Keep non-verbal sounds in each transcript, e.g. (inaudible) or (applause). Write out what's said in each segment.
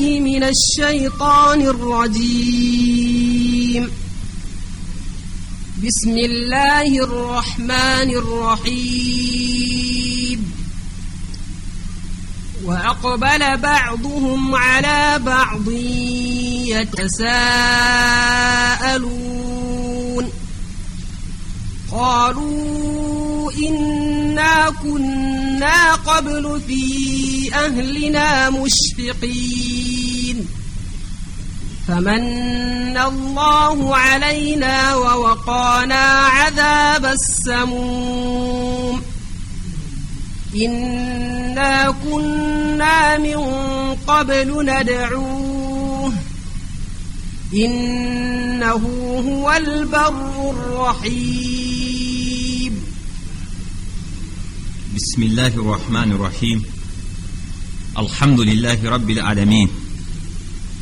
بالله من الشيطان الرجيم بسم الله الرحمن الرحيم وأقبل بعضهم على بعض يتساءلون قالوا إنا كنا قبل في أهلنا مشفقين فمن الله علينا ووقانا عذاب السموم إنا كنا من قبل ندعوه إنه هو البر الرحيم بسم الله الرحمن الرحيم الحمد لله رب العالمين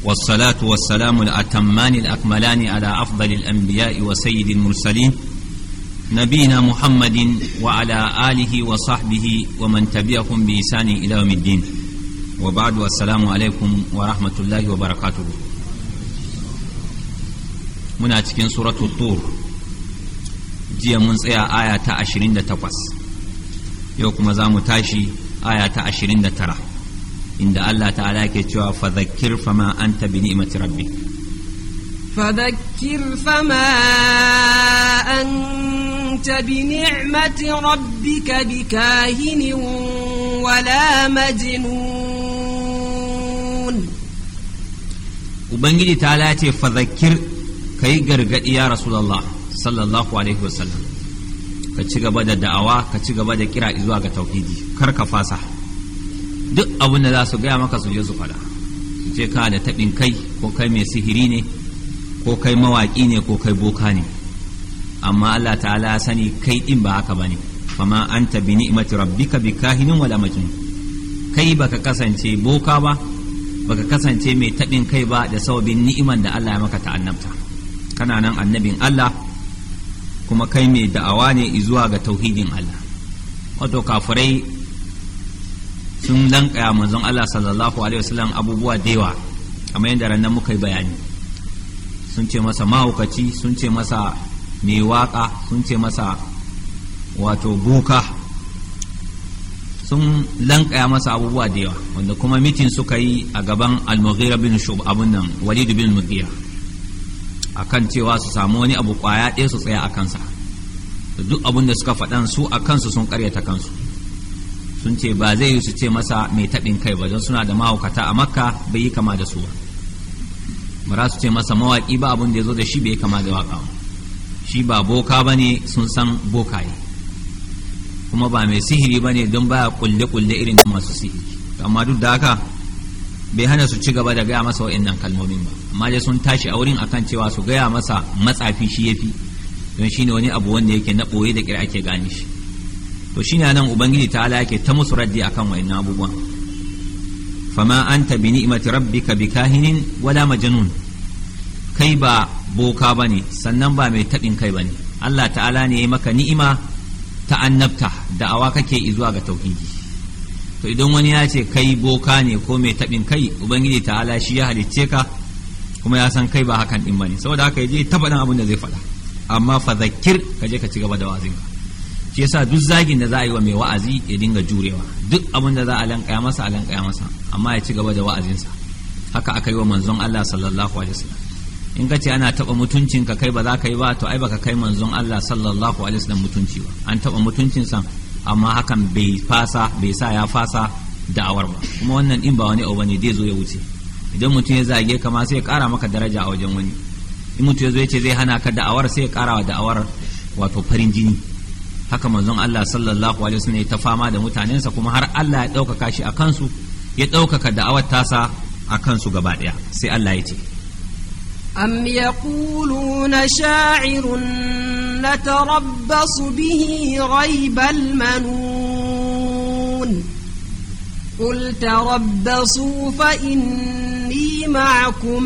والصلاة والسلام الأتمان الأكملان على أفضل الأنبياء وسيد المرسلين نبينا محمد وعلى آله وصحبه ومن تبعهم بإحسان إلى يوم الدين وبعد والسلام عليكم ورحمة الله وبركاته من أتكين سورة الطور جي من آية 28 يوكم زام تاشي آية 29 inda Allah ta'ala ke cewa fadhakkir fama anta bi ni'mati rabbi fadhakkir fama anta bi ka bi bikahinin wala majnun ubangiji ala ce ka yi gargadi ya Rasulallah, sallallahu alaihi wasallam ka ci gaba da da'awa ka ci gaba da kira zuwa ga tauhidi kar ka fasa duk abin da za su gaya maka su je su faɗa su ce ka da taɓin kai ko kai mai sihiri ne ko kai mawaƙi ne ko kai boka ne amma Allah ta'ala ya sani kai ɗin ba haka bane fama anta bi ni'mati rabbika bi kahinin wala majnun kai baka kasance boka ba baka kasance mai taɓin kai ba da sababin ni'iman da Allah ya maka ta'annabta kana nan annabin Allah kuma kai mai da'awa ne zuwa ga tauhidin Allah wato kafirai sun lankaya manzon Allah sallallahu alaihi wasallam abubuwa da yawa kamar yadda ranar muka yi bayani sun ce masa mahaukaci sun ce masa mai waka sun ce masa wato buka sun lankaya masa abubuwa da yawa wanda kuma mitin suka yi a gaban al-mughira bin shub abun nan walid bin mughira akan cewa su samu wani abu kwaya ɗaya su tsaya a kansa duk abun da suka faɗan su a kansu sun ƙaryata kansu sun ce ba zai yi su ce masa mai taɗin kai ba don suna da mahaukata a makka bai yi kama da su ba ba su ce masa mawaƙi ba abin da ya zo da shi bai yi kama da waƙa ba shi ba boka ba ne sun san bokaye kuma ba mai sihiri ba ne don ba ya kulle-kulle irin masu sihiri amma duk da haka bai hana su ci gaba da gaya masa wa'annan kalmomin ba amma dai sun tashi a wurin akan cewa su gaya masa matsafi shi yafi don shine wani abu wanda yake na ɓoye da kira ake gane shi to shine nan ubangiji ala yake ta musu raddi akan wa'in abubuwan fama an niimati bi ka rabbika kahinin wala majanun kai ba boka ba ne sannan ba mai taɗin kai ba ne Allah ta'ala ne ya yi maka ni'ima ta annabta da awa kake izuwa ga tauhidi to idan wani ya ce kai boka ne ko mai taɓin kai ubangiji ta'ala shi ya halicce ka kuma ya san kai ba hakan din ne saboda haka ya ta faɗin abin da zai faɗa amma fa zakir ka je ka ci gaba da wazinka shi yasa duk zagin da za a yi wa mai wa'azi ya dinga jurewa duk abin da za a lankaya masa a lankaya masa amma ya ci gaba da wa'azinsa haka aka yi wa manzon Allah sallallahu alaihi wasallam in ka ce ana taba mutuncin ka kai ba za ka yi ba to ai baka kai manzon Allah sallallahu alaihi wasallam mutunci ba an taba sa amma hakan bai fasa bai sa ya fasa da'awar ba kuma wannan in ba wani abu bane zai zo ya wuce idan mutum ya zage ka ma sai ya kara maka daraja a wajen wani in mutum ya zo ya ce zai hana ka da'awar sai ya kara wa da'awar wato farin jini haka manzon Allah sallallahu alaihi wasallam ya ta fama da mutanensa kuma har Allah ya ɗaukaka shi a kansu ya ɗaukaka da'awar tasa a kansu gaba ɗaya sai Allah ya ce أم يقولون شاعر نتربص به ريب المنون قل تربصوا فإني معكم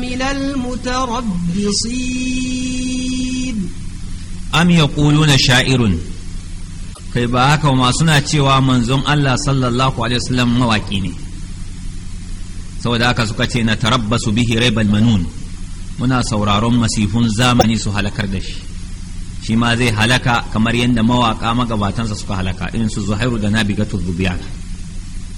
من المتربصين am yaquluna sha'irun kai ba haka ma suna cewa manzon Allah sallallahu alaihi wasallam mawaki ne saboda haka suka ce na tarabbasu bihi raibal manun muna sauraron masifun zamani su halakar da shi shi ma zai halaka kamar yadda mawaka magabatansa suka halaka irin su zuhairu da nabigatu dhubiyat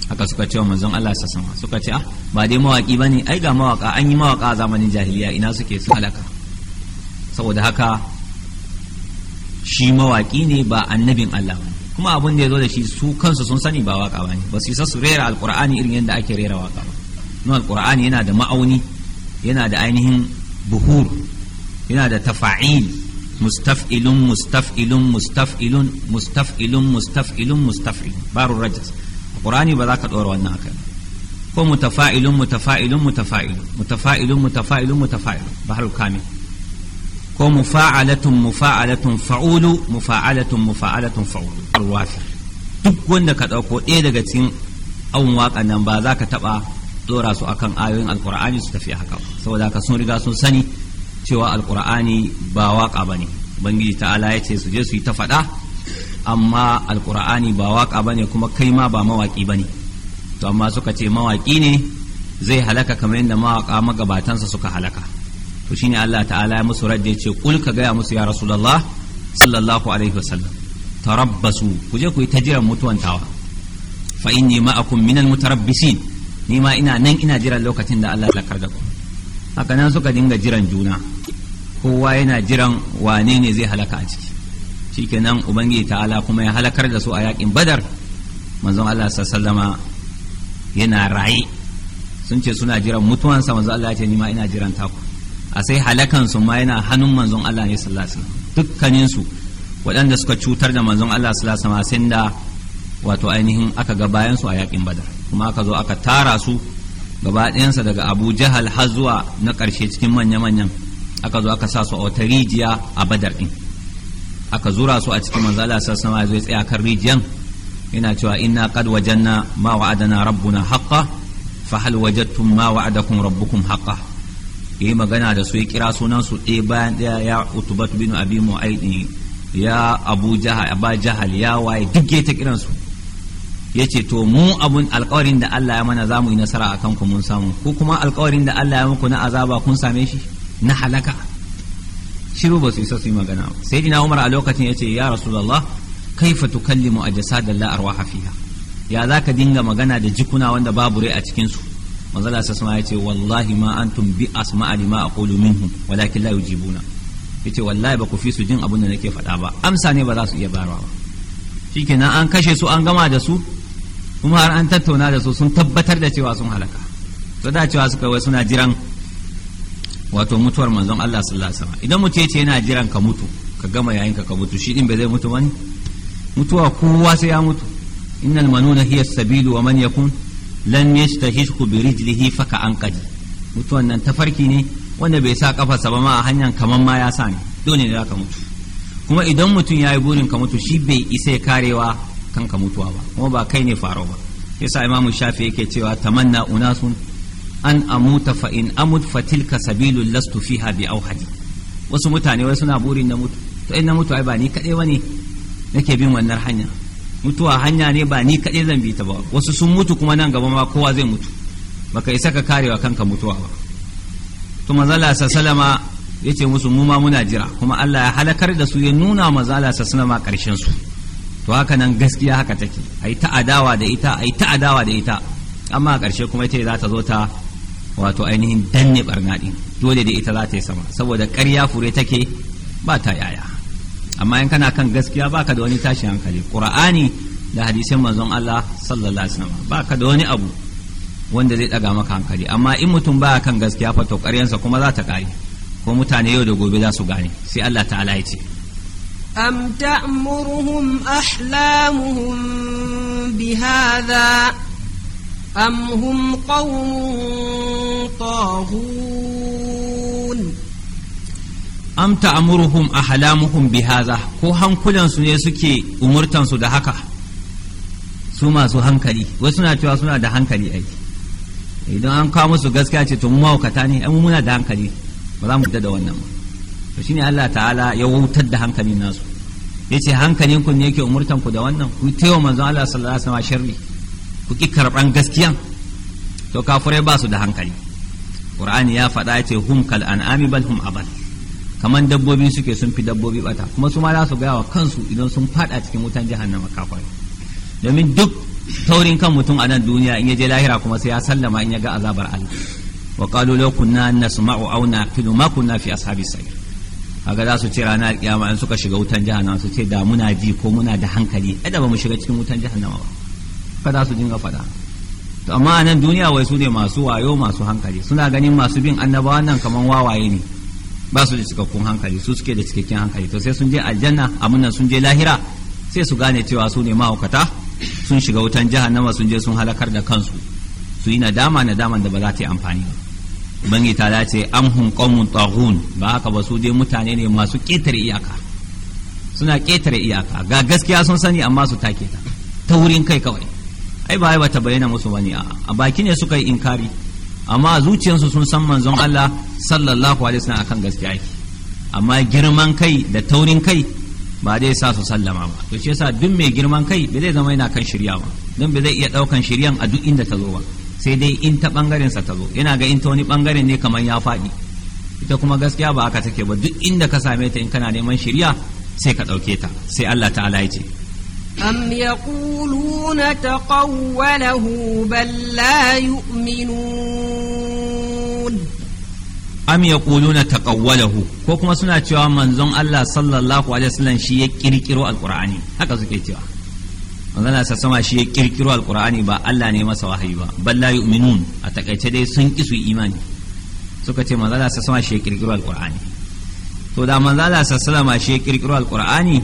haka suka ce wa manzon Allah sa sama suka ce ah ba dai mawaki ba ne, ai ga mawaka an yi mawaka a zamanin jahiliya ina suke su halaka saboda haka shi mawaki ne ba annabin Allah ba kuma abin da ya zo da shi su kansu sun sani ba waka ba ba su isa su rera alkur'ani irin yadda ake rera waka ba don alkur'ani yana da ma'auni yana da ainihin buhur yana da tafa'il mustaf'ilun mustaf'ilun mustaf'ilun mustaf'ilun mustaf'ilun mustaf'ilun barun rajas alkur'ani ba za ka ɗora wannan akai ko mutafa'ilun mutafa'ilun mutafa'ilun mutafa'ilun mutafa'ilun mutafa'ilun baharul kamil ko mufa'alatun mufa'alatun fa'ulu mufa'alatun mufa'alatun fa'ulu wafi duk wanda ka ɗauko ɗaya daga cikin awon waƙan nan ba za ka taɓa ɗora su akan ayoyin alƙur'ani su tafi haka saboda haka sun riga sun sani cewa alƙur'ani ba waƙa bane ne ubangiji ta'ala ya ce su je su yi ta faɗa amma alƙur'ani ba waƙa bane kuma kai ma ba mawaƙi bane to amma suka ce mawaƙi ne zai halaka kamar yadda mawaƙa magabatansa suka halaka to shine Allah ta'ala ya musu radda ce, kul ka gaya musu ya rasulullah sallallahu alaihi wasallam tarabbasu ku je ku yi tajiran mutuwan tawa fa inni ma'akum minal mutarabbisin ni ma ina nan ina jiran lokacin da Allah ya da ku haka nan suka dinga jiran juna kowa yana jiran wane ne zai halaka a ciki shikenan ubangiji ta'ala kuma ya halakar da su a yakin badar manzon Allah sallama yana raye sun ce suna jiran mutuwansa manzon Allah ya ce ni ma ina jiran taku a sai halakan su ma yana hannun manzon Allah ne sallallahu alaihi wasallam dukkanin su waɗanda suka cutar da manzon Allah sallallahu alaihi wasallam da wato ainihin aka ga bayan su a yakin badar kuma aka zo aka tara su gaba ɗayansa daga Abu Jahal har zuwa na ƙarshe cikin manya-manyan aka zo aka sa su a wata rijiya a badar din aka zura su a cikin manzon Allah sallallahu alaihi wasallam ya tsaya kan rijiyan yana cewa inna qad wajanna ma wa'adana rabbuna haqqan fa hal wajadtum ma wa'adakum rabbukum haqqan yi magana da su ya kira sunan su ɗaya bayan ɗaya ya utubat bin abi mu'aid ya abu jahal aba jahal ya waye duk ya ta kiransu ya ce to mu abun alkawarin da Allah ya mana za mu yi nasara a kanku mun samu ko kuma alkawarin da Allah ya muku na azaba kun same shi na halaka shiru ba su isa su yi magana sai dina umar a lokacin ya ce ya rasulullah kaifa tukallimu ajsadallah arwaha fiha ya zaka dinga magana da jikuna wanda babu rai a cikin su manzala sassama ya ce wallahi ma antum bi asma'a lima aqulu minhum walakin la yujibuna yace wallahi ba ku fi su jin abin da nake faɗa ba amsa ne ba za su iya bayarwa ba shikenan an kashe su an gama da su kuma har an tattauna da su sun tabbatar da cewa sun halaka to da cewa suka wai suna jiran wato mutuwar manzon Allah sallallahu alaihi wasallam idan mutum yace yana jiran ka mutu ka gama yayin ka ka mutu shi din bai zai mutu bane mutuwa kowa sai ya mutu innal manuna hiya sabilu wa man yakun lam yastahizhu bi rijlihi faka anqadi mutuwan nan tafarki ne wanda bai sa kafarsa ba ma a hanyar kaman ma ya sa ne dole ne zaka mutu kuma idan mutum ya yi burin ka mutu shi bai isa ya karewa kan ka mutuwa ba kuma ba kai ne faro ba yasa imamu shafi yake cewa tamanna unasun an amuta fa in amut fa tilka sabilul lastu fiha bi auhadi wasu mutane wai suna burin na mutu to in na mutu ai ba ni kadai bane nake bin wannan hanya mutuwa hanya ne ba ni kaɗai zan bi ta ba wasu sun mutu kuma nan gaba ma kowa zai mutu baka isa ka karewa kanka mutuwa ba to manzala ya ce musu mu ma muna jira kuma Allah ya halakar da su ya nuna manzala salama karshen su to haka nan gaskiya haka take ai ta adawa da ita ai ta adawa da ita amma a karshe kuma ita za ta zo ta wato ainihin danne barna din dole da ita za ta yi sama saboda karya fure take ba ta yaya amma in kana kan gaskiya baka da wani tashin hankali qur'ani da hadisin manzon Allah sallallahu alaihi wasallam baka da wani abu wanda zai daga maka hankali amma in mutum baya kan gaskiya fa to ƙaryansa kuma za ta kare ko mutane yau da gobe za su gane sai Allah ta'ala ya ce am ta'muruhum ahlamuhum bihadha am hum qawmun tahun am ta'muruhum ahlamuhum bihaza ko hankulansu ne suke umurtansu da haka su masu hankali wasu na cewa suna da hankali ai idan an kawo musu gaskiya ce to mu mahaukata ne ai muna da hankali ba za mu da wannan ba to shine Allah ta'ala ya wautar da hankalin nasu yace hankalin ku ne yake umurtan ku da wannan ku taiwa manzon Allah sallallahu alaihi wasallam sharri ku ki karban gaskiya to kafirai ba su da hankali qur'ani ya faɗa yace hum kal an'ami bal hum abal kamar dabbobi suke sun fi dabbobi bata kuma su ma za su gaya wa kansu idan sun fada cikin wutan jahannama kafai domin duk taurin kan mutum a nan duniya in ya je lahira kuma sai ya sallama in ya ga azabar Allah wa qalu law kunna nasma'u aw naqilu ma kunna fi ashabis sa'ir kaga za su ce rana kiyama in suka shiga wutan jahannama su ce da muna ji ko muna da hankali ada ba mu shiga cikin wutan jahannama ba fa za su dinga fada to amma a nan duniya wai su ne masu wayo masu hankali suna ganin masu bin annabawan nan kaman wawaye ne ba su da cikakkun hankali su suke da cikakken hankali to sai sun je aljanna amina sun je lahira sai su gane cewa su ne mahaukata sun shiga wutan jahannama sun je sun halakar da kansu su yi nadama nadaman da ba za ta yi amfani ba bangi ta ce amhum qaumun taghun ba haka ba su dai mutane ne masu ketare iyaka suna ketare iyaka ga gaskiya sun sani amma su take ta ta wurin kai kawai ai ba ba ta bayyana musu bane a baki ne suka yi inkari amma zuciyarsu sun san manzon Allah sallallahu alaihi wasallam akan gaskiya yake amma girman kai da taurin kai ba zai sa su sallama ba to shi yasa duk mai girman kai ba zai zama yana kan shirya ba don ba zai iya daukan shiryan a duk inda ta zo ba sai dai in ta bangaren sa ta zo yana ga in ta wani bangaren ne kamar ya faɗi ita kuma gaskiya ba haka take ba duk inda ka same ta in kana neman shirya sai ka ɗauke ta sai Allah ta'ala ya ce أم يقولون تقوله بل لا يؤمنون am ya yaquluna taqawwalahu ko kuma suna cewa manzon Allah sallallahu alaihi wasallam shi ya kirkiro alqur'ani haka suke cewa manzon Allah sama shi ya kirkiro alqur'ani ba Allah ne masa wahayi ba bal la yu'minun a takaice dai sun kisu imani suka ce manzon Allah sama shi ya kirkiro alqur'ani to da manzon Allah sallama shi ya kirkiro alqur'ani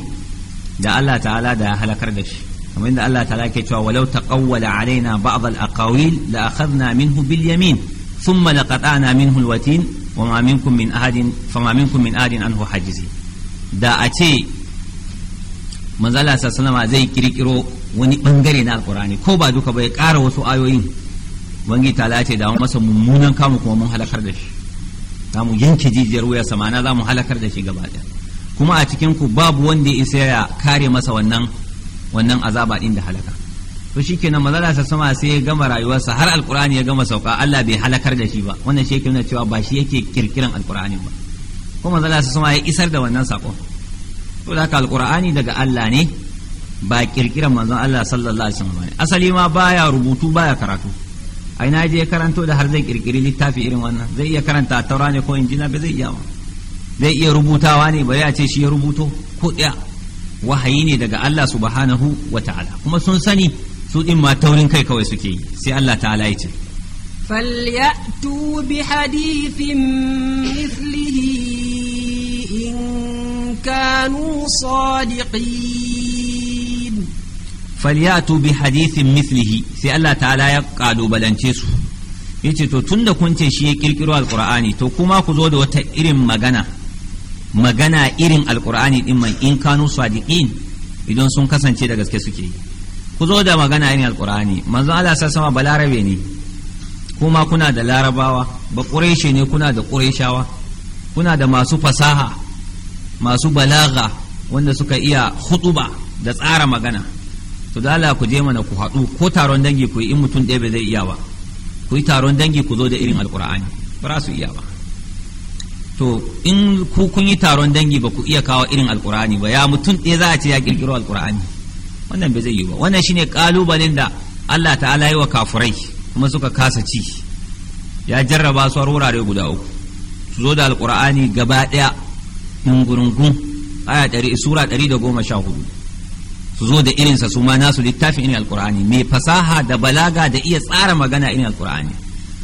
da Allah ta'ala da halakar da shi kamar da Allah ta'ala ke cewa walau taqawwala alaina ba'd al-aqawil la akhadna minhu bil yamin thumma laqata'na minhu al-watin wa minkum min ahadin an ma hajizi da a ce manzala sallama zai kirkiro wani bangare na alkurani ko ba duka bai ƙara wasu ayoyin bangi ta lace da masa mummunan kamu kuma mun halakar da shi za mu yanke jijiyar wuya na za mu halakar da shi gaba ɗaya kuma a cikin ku babu wanda ya isa ya kare masa wannan wannan azaba din da halaka to shikenan manzala sa sama sai ya gama rayuwarsa har alqur'ani ya gama sauka Allah bai halakar da shi ba wannan shi yake nuna cewa ba shi yake kirkiran alqur'ani ba kuma manzala sama ya isar da wannan sako to da alqur'ani daga Allah ne ba kirkiran manzon Allah sallallahu alaihi wasallam ne asali ma baya rubutu baya karatu ai na je karanto da har zai kirkiri littafi irin wannan zai iya karanta taura ne ko injina ba zai iya ba zai iya rubutawa ne bari a ce shi ya rubuto ko ɗaya wahayi ne daga Allah subhanahu wa ta'ala kuma sun sani su din ma taurin kai kawai suke yi sai Allah ta'ala ya ce فليأتوا بحديث مثله إن كانوا صادقين فليأتوا بحديث مثله سي الله تعالى يقالوا بلانتيسو yace to tun da kun ce shi ya kirkiro alkur'ani to kuma ku zo da wata irin magana magana irin alkur'ani din man in kanu sadiqin idan sun kasance da gaske suke yi ku zo da magana yin alkur'ani manzo Allah sa sama balarabe ne kuma kuna da larabawa ba ƙureshe ne kuna da ƙureshawa kuna da masu fasaha masu balaga wanda suka iya hutuba da tsara magana to da Allah ku je mana ku haɗu ko taron dangi ku yi in mutum ɗaya bai zai iya ba ku yi taron dangi ku zo da irin alkur'ani ba su iya ba to in ku kun yi taron dangi ba ku iya kawo irin alkur'ani ba ya mutum ɗaya za a ce ya ƙirƙiro alkur'ani wannan bai zai yi ba wannan shine kalubalen da Allah ta'ala yi wa kafurai kuma suka kasa ci ya jarraba su har wurare guda uku su zo da alqur'ani gaba daya dungurungun aya 100 sura 114 su zo da irinsa su ma nasu littafin irin alqur'ani mai fasaha da balaga da iya tsara magana irin alqur'ani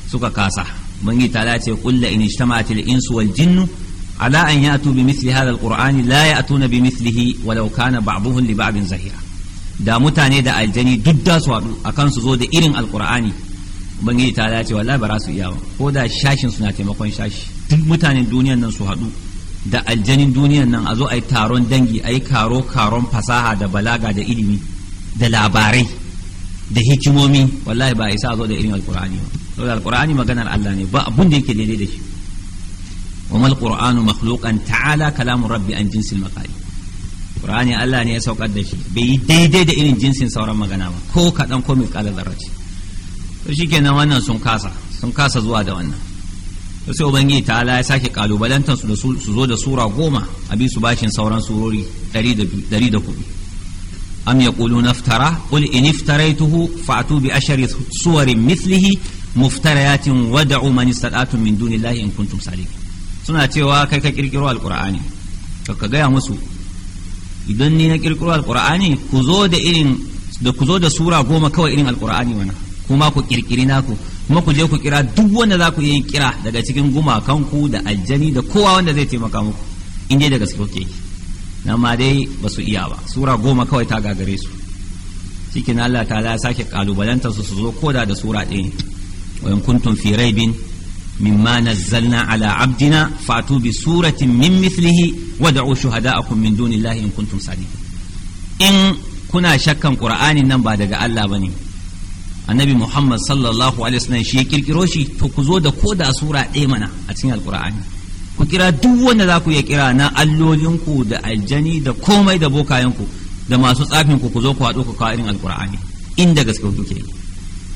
suka kasa bangi ta ce kullu in ijtama'atil insu wal jinnu ala an ya'tu bi mithli hadha alqur'ani la ya'tuna bi mithlihi walau kana ba'dhuhum li ba'din zahira da mutane da aljani duk da su haɗu akan su zo da irin alkur'ani ubangiji ta dace wallahi ba za su iya ba ko da shashin suna taimakon shashi duk mutanen duniyan nan su haɗu da aljanin duniyan nan a zo a yi taron dangi a yi karo karon fasaha da balaga da ilimi da labarai da hikimomi wallahi ba a isa zo da irin alkur'ani ba saboda alkur'ani maganar Allah ne ba abun da yake daidai da shi wa mal qur'anu makhluqan ta'ala kalamun rabbi an jinsil maqali qur'ani Allah ne ya saukar da shi bai yi daidai da irin jinsin sauran magana ba ko kaɗan ko mai ƙala zarrace to shikenan wannan sun kasa sun kasa zuwa da wannan to sai ubangiji ta ya sake kalubalantar su da su zo da sura goma a bi su bashin sauran surori ɗari da kuɗi am yaquluna iftara qul in iftaraytuhu fa'tu bi ashari suwarin mithlihi muftariyatin wad'u man istata'tum min dunillahi in kuntum salihin suna cewa kai ka kirkiro alqur'ani to ka gaya musu idan ni na kirkiro alqur'ani ku zo da irin da ku zo da sura goma kawai irin alqur'ani wana kuma ku kirkiri naku kuma ku je ku kira duk wanda za ku yi kira daga cikin ku da aljani da kowa wanda zai taimaka muku in dai daga suke. kuke na ma dai ba su iya ba sura goma kawai ta gagare su cikin Allah ta ya sake kalubalanta su su zo koda da sura ɗaya in kuntum fi raibin mimma nazzalna ala abdina fatubi bi suratin min mithlihi wad'u a min dunillahi in kuntum sadiqin in kuna shakkan qur'anin nan ba daga Allah ba bane annabi Muhammad sallallahu alaihi wasallam shi ya kirkiro shi to ku zo da koda sura ɗaya mana a cikin alqur'ani ku kira duk wanda za ku iya kira na allolinku da aljani da komai da bokayenku da masu tsafin ku ku zo ku haɗu ku kawo irin alqur'ani inda gaske kuke yi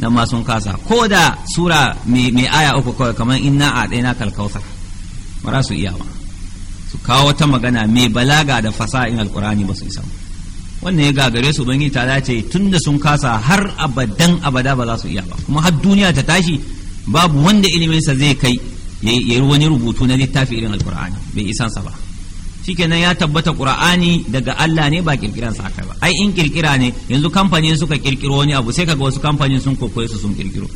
nan ma sun kasa ko da sura mai aya uku kawai kamar inna a ɗaya kalkausa ba za su iya ba su kawo wata magana mai balaga da in alkurani ba su isa wannan ya gagare su bangi ta dace tun da sun kasa har abadan abada ba za su iya ba kuma har duniya ta tashi babu wanda iliminsa zai kai ya yi wani rubutu na littafi irin alkur'ani bai isansa ba nan ya tabbata qur'ani daga Allah ne ba kirkiran sa aka ba ai in kirkira ne yanzu kamfani suka kirkiro wani abu sai kaga wasu kamfani sun kokoye su sun kirkiro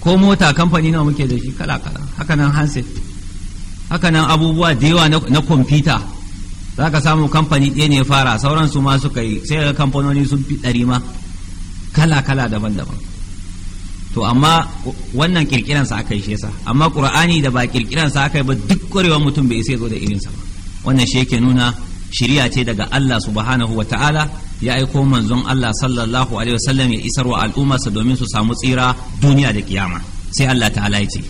ko mota kamfani nawa muke da shi kala kala haka nan handset haka nan abubuwa da yawa na kwamfuta za ka samu kamfani ɗaya ne fara sauran su ma suka yi sai ga kamfanoni sun fi ɗari ma kala kala daban daban to amma wannan sa aka yi shi yasa amma qur'ani da ba sa aka yi ba duk ƙwarewar mutum bai sai zo da irinsa ba wannan shi yake nuna shiriya ce daga Allah subhanahu wa ta'ala ya aiko manzon Allah sallallahu alaihi wasallam ya isar wa al'ummarsa domin su samu tsira duniya da kiyama sai Allah ta'ala ya ce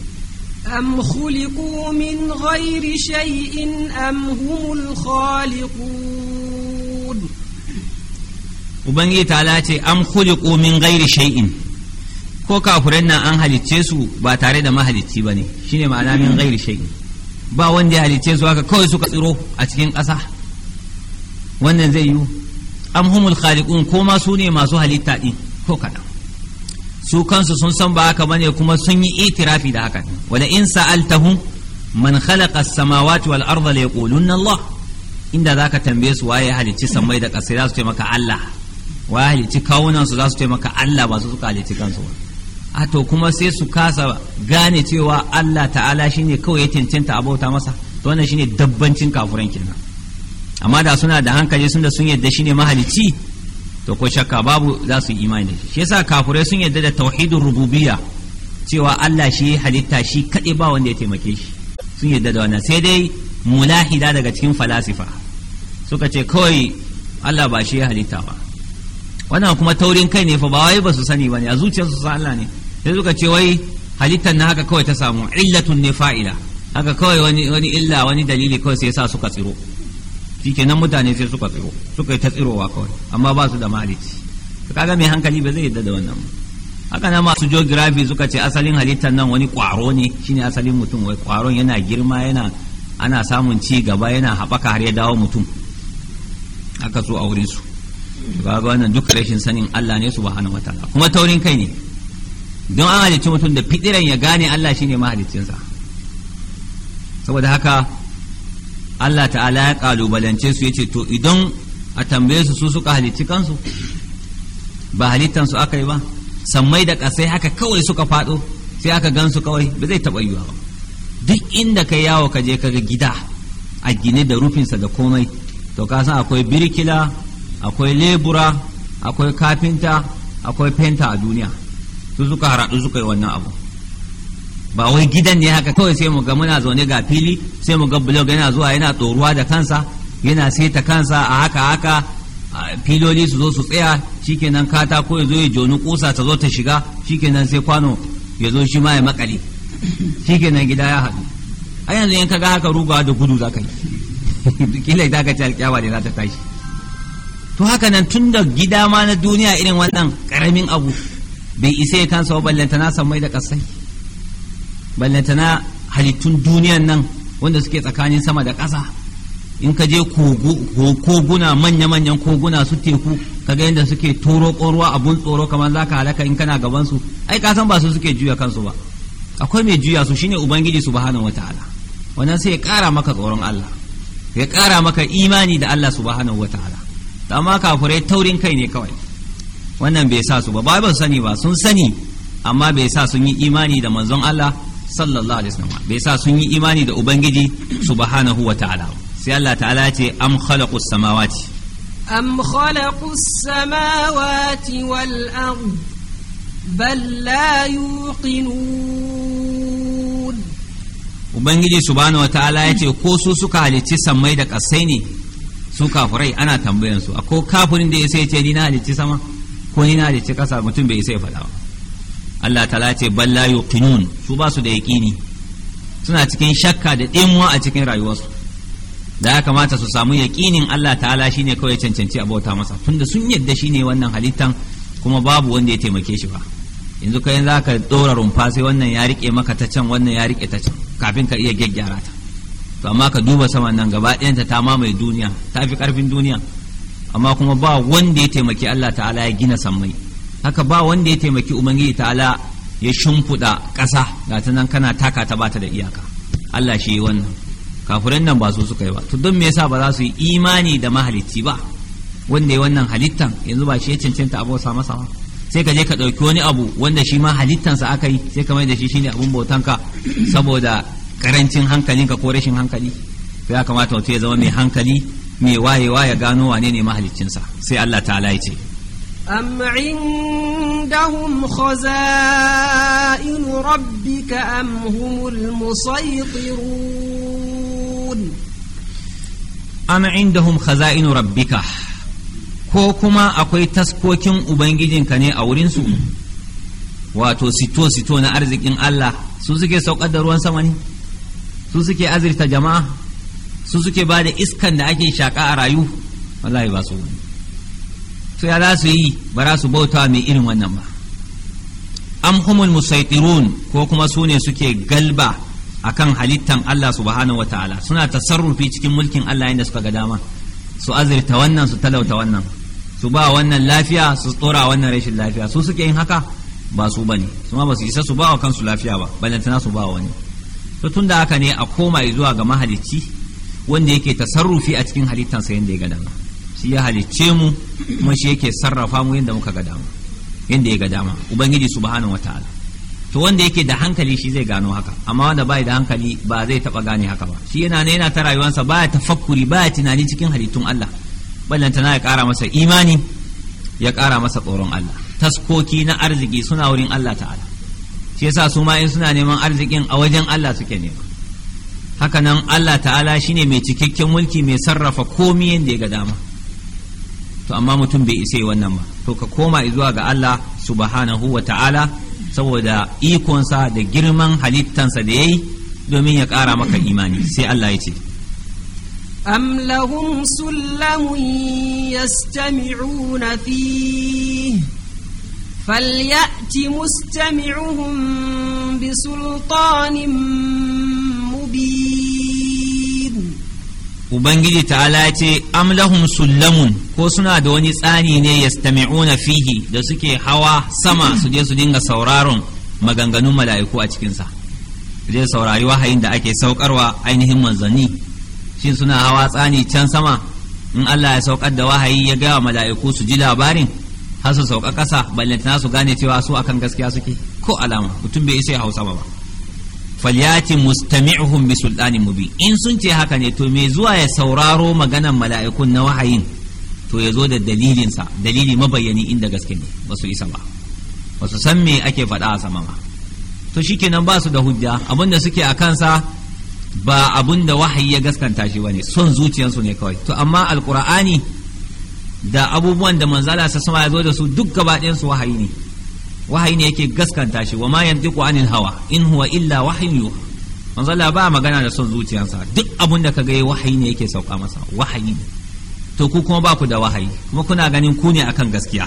An خلقوا من غير شيء أم هم الخالقون Ubangiji ta ce am khuliqu min ghairi shay'in ko kafuran nan an halicce su ba tare da mahalicci bane shine ma'ana min ghairi shay'in ba wanda ya halice su haka kawai suka tsiro a cikin ƙasa wannan zai yiwu am humul khaliqun ko ma su ne masu halitta din ko kaɗan su kansu sun san ba haka bane kuma sun yi itirafi da hakan wala in sa'altahum man khalaqa as-samawati wal arda la yaquluna Allah inda zaka tambaye su waye halicci samai da ƙasa za su ce maka Allah waye halicci kawunan su za su ce maka Allah ba su suka halicci kansu ba a to kuma sai su kasa gane cewa Allah ta'ala shine kawai ya cancanta a bauta masa to wannan shine dabbancin kafuran kenan amma da suna da hankali sun da sun yadda shine mahalicci to ko shakka babu za su yi imani shi yasa kafurai sun yadda da tauhidur rububiyya cewa Allah shi halitta shi kaɗai ba wanda ya taimake shi sun yadda da wannan sai dai mulahida daga cikin falasifa suka ce kawai Allah ba shi ya halitta ba wannan kuma taurin kai ne fa ba wai ba su sani ba ne a zuciyarsu san Allah ne sai suka ce wai halittar na haka kawai ta samu illatun ne fa'ila haka kawai wani illa wani dalili kawai sai sa suka tsiro nan mutane sai suka tsiro suka yi ta tsirowa kawai amma ba su da malici kaga mai hankali ba zai yadda da wannan haka na masu geography suka ce asalin halittar nan wani kwaro ne shine asalin mutum wai kwaron yana girma yana ana samun ci gaba yana haɓaka har ya dawo mutum haka so a wurin su ga wannan duk rashin sanin Allah ne subhanahu wataala kuma taurin kai ne don an halicci mutum da fitiran ya gane Allah shine mahaliccinsa saboda haka Allah ta'ala ya kalubalance su ya ce to idan a tambaye su su suka halicci kansu ba halittansu aka yi ba sammai da ƙasai haka kawai suka faɗo sai aka gansu kawai ba zai taɓa yiwa ba duk inda ka yawo ka je ka ga gida a gine da rufinsa da komai to ka san akwai birkila akwai lebura akwai kafinta akwai fenta a duniya su suka haradu suka yi wannan abu ba wai gidan ne haka kawai sai mu ga muna zaune ga fili sai mu ga blog yana zuwa yana tsoruwa da kansa yana saita kansa a haka haka filoli su zo su tsaya shikenan katako ya zo ya joni kusa ta zo ta shiga shikenan sai kwano ya zo shi ma ya makale shikenan gida ya haɗu a yanzu in ka ga haka rugawa da gudu za ka yi (laughs) kila za ka ci alkyawa da za ta tashi to haka nan tun da gida ma na duniya irin wannan karamin abu bai isa ya kansa ba ballantana mai da kasai ballantana halittun duniyan nan wanda suke tsakanin sama da ƙasa in ka je koguna manya-manyan koguna su teku ka ga yadda suke toro ruwa abun tsoro kamar za ka halaka in kana gabansu ai kasan ba su suke juya kansu ba akwai mai juya su shine ubangiji subhanahu wataala wannan sai ya kara maka tsoron Allah ya kara maka imani da Allah subhanahu wataala amma kafurai taurin kai ne kawai wannan bai sa su ba ba sani ba sun sani amma bai sa sun yi imani da manzon Allah sallallahu alaihi wasallam bai sa sun yi imani da ubangiji subhanahu wa ta'ala sai Allah ta'ala ya ce am khalaqus samawati am khalaqus samawati wal ard bal la yuqinun ubangiji subhanahu wa ta'ala ya ce ko su suka halicci sammai da kasai ne su kafurai ana tambayan su ako kafirin da ya sai ce ni na halicci sama ko ni na ci kasa mutum bai isa ya faɗa ba Allah ta'ala lace balla yuqinun su ba su da yaqini suna cikin shakka da ɗinwa a cikin rayuwarsu da ya kamata su samu yaƙinin Allah ta'ala shine kawai cancanci abota masa tunda sun yadda shine wannan halittan kuma babu wanda ya taimake shi ba yanzu kai za ka ɗora rumfa sai wannan ya rike maka ta can wannan ya rike ta can kafin ka iya gyaggyara ta to amma ka duba saman nan gaba ɗayanta ta mamaye duniya ta fi karfin duniya amma kuma ba wanda ya taimaki Allah ta'ala ya gina sammai haka ba wanda ya taimaki ubangiji ta'ala ya shimfiɗa ƙasa ga ta nan kana taka ta bata da iyaka Allah shi yi wannan kafirin nan ba su suka yi ba to don me yasa ba za su yi imani da mahalicci ba wanda ya wannan halittan yanzu ba shi ya cancanta abu sa masa ba sai ka je ka ɗauki wani abu wanda shi ma halittansa aka yi sai ka mai da shi shine abun ka saboda karancin hankalinka ko rashin hankali to ya kamata mutum ya zama mai hankali mai wayewa ya gano wane ne mahaliccinsa sai Allah ta'ala ya ce أم عندهم خزائن ربك أم هم المسيطرون أم عندهم خزائن ربك ko kuma akwai taskokin Ubangijinka ne a wurinsu wato sito-sito na arzikin Allah su suke saukar da ruwan sama ne su suke azirta jama'a su suke ba da iskan da ake shaƙa a rayu wallahi ba su wani to ya za su yi ba za su bauta mai irin wannan ba am humul musaitirun ko kuma su ne suke galba akan halittan Allah subhanahu wataala suna tasarrufi cikin mulkin Allah yadda suka ga dama su azirta wannan su talauta wannan su ba wannan lafiya su tsora wannan rashin lafiya su suke yin haka ba su bane su ma ba su isa su ba wa kansu lafiya ba balantana su ba wani to tunda haka ne a koma zuwa ga mahalicci wanda yake tasarrufi a cikin halittansa yadda ya ga dama shi ya halicce mu kuma shi yake sarrafa mu yadda muka ga dama yadda ya ga dama ubangiji subhanahu wataala to wanda yake da hankali shi zai gano haka amma wanda bai da hankali ba zai taba gane haka ba shi yana ne yana ta rayuwarsa baya tafakkuri baya tunani cikin halittun Allah ballanta na ya kara masa imani ya kara masa tsoron Allah taskoki na arziki suna wurin Allah ta'ala shi yasa su ma in suna neman arzikin a wajen Allah suke nema hakanan Allah ta'ala shine mai cikakken mulki mai sarrafa komi yadda ya ga dama to amma mutum bai isa wannan ba to ka koma zuwa ga Allah subhanahu wa ta'ala saboda ikonsa da girman halittansa da yayi domin ya ƙara maka imani sai Allah ya ce أم لهم سلم يستمعون فيه فليأت مستمعهم بسلطان ubangiji ta'ala ya ce amlahun sulamun sullamun ko suna da wani tsani ne ya yastami'una fihi da suke hawa sama su je su dinga sauraron maganganun mala'iku a cikinsa su je saurari wahayin da ake saukarwa ainihin manzanni shin suna hawa tsani can sama in Allah ya saukar da wahayi ya gaya mala'iku su ji labarin har su sauka ƙasa ballantana su gane cewa su akan gaskiya suke ko alama mutum bai isa ya hau sama ba falyati mustami'uhum bi sultanin mubi in sun ce haka ne to me zuwa ya sauraro maganan mala'ikun na wahayin to ya zo da dalilinsa dalili mabayani inda gaske ne ba isa ba ba san me ake faɗa a sama ba to shikenan ba su da hujja abinda suke a kansa ba abun da wahayi ya gaskanta shi bane son zuciyarsu ne kawai to amma alqur'ani da abubuwan da manzala sa sama ya zo da su duk gaba wahayi ne wahayi ne yake gaskanta shi wa ma yantiqu anil hawa in huwa illa wahyun yuha manzo Allah ba magana da son zuciyarsa duk abun da kaga wahayi ne yake sauka masa wahayi ne to ku kuma ba ku da wahayi kuma kuna ganin ku ne akan gaskiya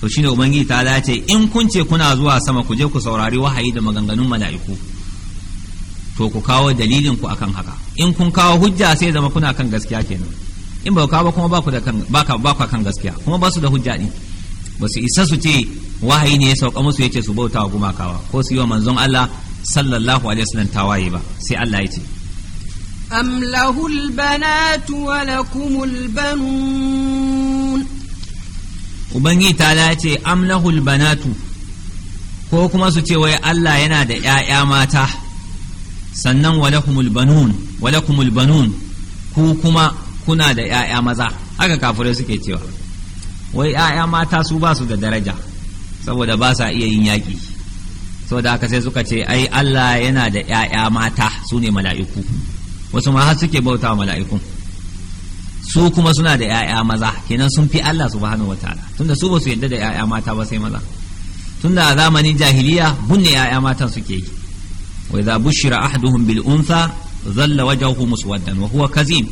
to shine ubangiji ta ce in kun ce kuna zuwa sama ku je ku saurari wahayi da maganganun mala'iku to ku kawo dalilin ku akan haka in kun kawo hujja sai zama kuna kan gaskiya kenan in ba ku ba kuma ba ku da kan ba ku kan gaskiya kuma ba su da hujja ba su isa su ce wahayi ne ya sauka musu ya ce su bauta wa gumakawa ko su yi wa manzon Allah sallallahu alaihi wasallam tawaye ba sai Allah ya ce am lahul banatu wa lakumul banun ubangi ta ya ce am lahul banatu ko kuma su ce wai Allah yana da ƴaƴa mata sannan wa lakumul banun wa lakumul banun ku kuma kuna da ƴaƴa maza haka kafirai suke cewa wai ƴaƴa mata su ba su da daraja saboda ba sa iya yin yaƙi saboda haka sai suka ce ai Allah yana da ‘ya'ya mata su ne mala'iku wasu ma har suke bauta wa mala'ikun su kuma suna da ‘ya'ya maza kenan sun fi Allah subhanahu wa ta'ala tunda su ba su yadda da ‘ya'ya mata ba sai maza tunda a zamanin jahiliya bunne ‘ya'ya matan suke yi wa idza bushira ahaduhum bil unsa zalla wajhuhu muswaddan wa huwa kazim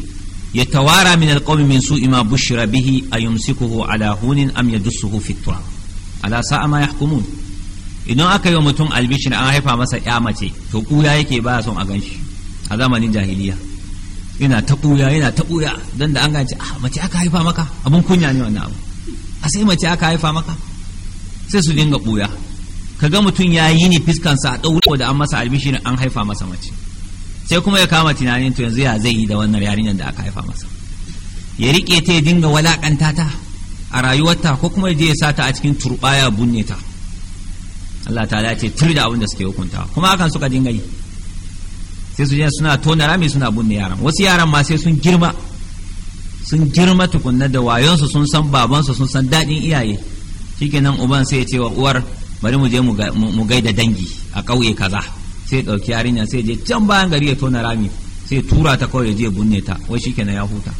يتوارى من القوم من سوء ما bushira bihi أيمسكه ala hunin أم يدسه في التراب ala sa'a ma yahkumun idan aka yi wa mutum albishir an haifa masa ya mace to kuya yake ba son a ganshi a zamanin jahiliya yana ta kuya yana ta kuya don da an ganci ah mace aka haifa maka abun kunya ne wannan abu a sai mace aka haifa maka sai su dinga kuya kaga mutum ya yi ni fiskansa a ɗaure da an masa albishir an haifa masa mace sai kuma ya kama tunanin to yanzu ya zai yi da wannan yarinyar da aka haifa masa ya riƙe ta ya dinga walakanta ta a rayuwarta ko kuma je ya sa ta a cikin turbaya bunne ta Allah ta ya ce tur da abin suke hukunta kuma hakan suka dinga yi sai su je suna tona rami suna bunne yaran wasu yaran ma sai sun girma sun girma tukunna da wayonsu sun san babansu sun san daɗin iyaye shikenan uban sai ya ce wa uwar bari mu je mu gaida dangi a ƙauye kaza sai ɗauki yarinya sai je can bayan gari ya tona rami sai tura ta kawai ya je bunne ta wai shikenan ya huta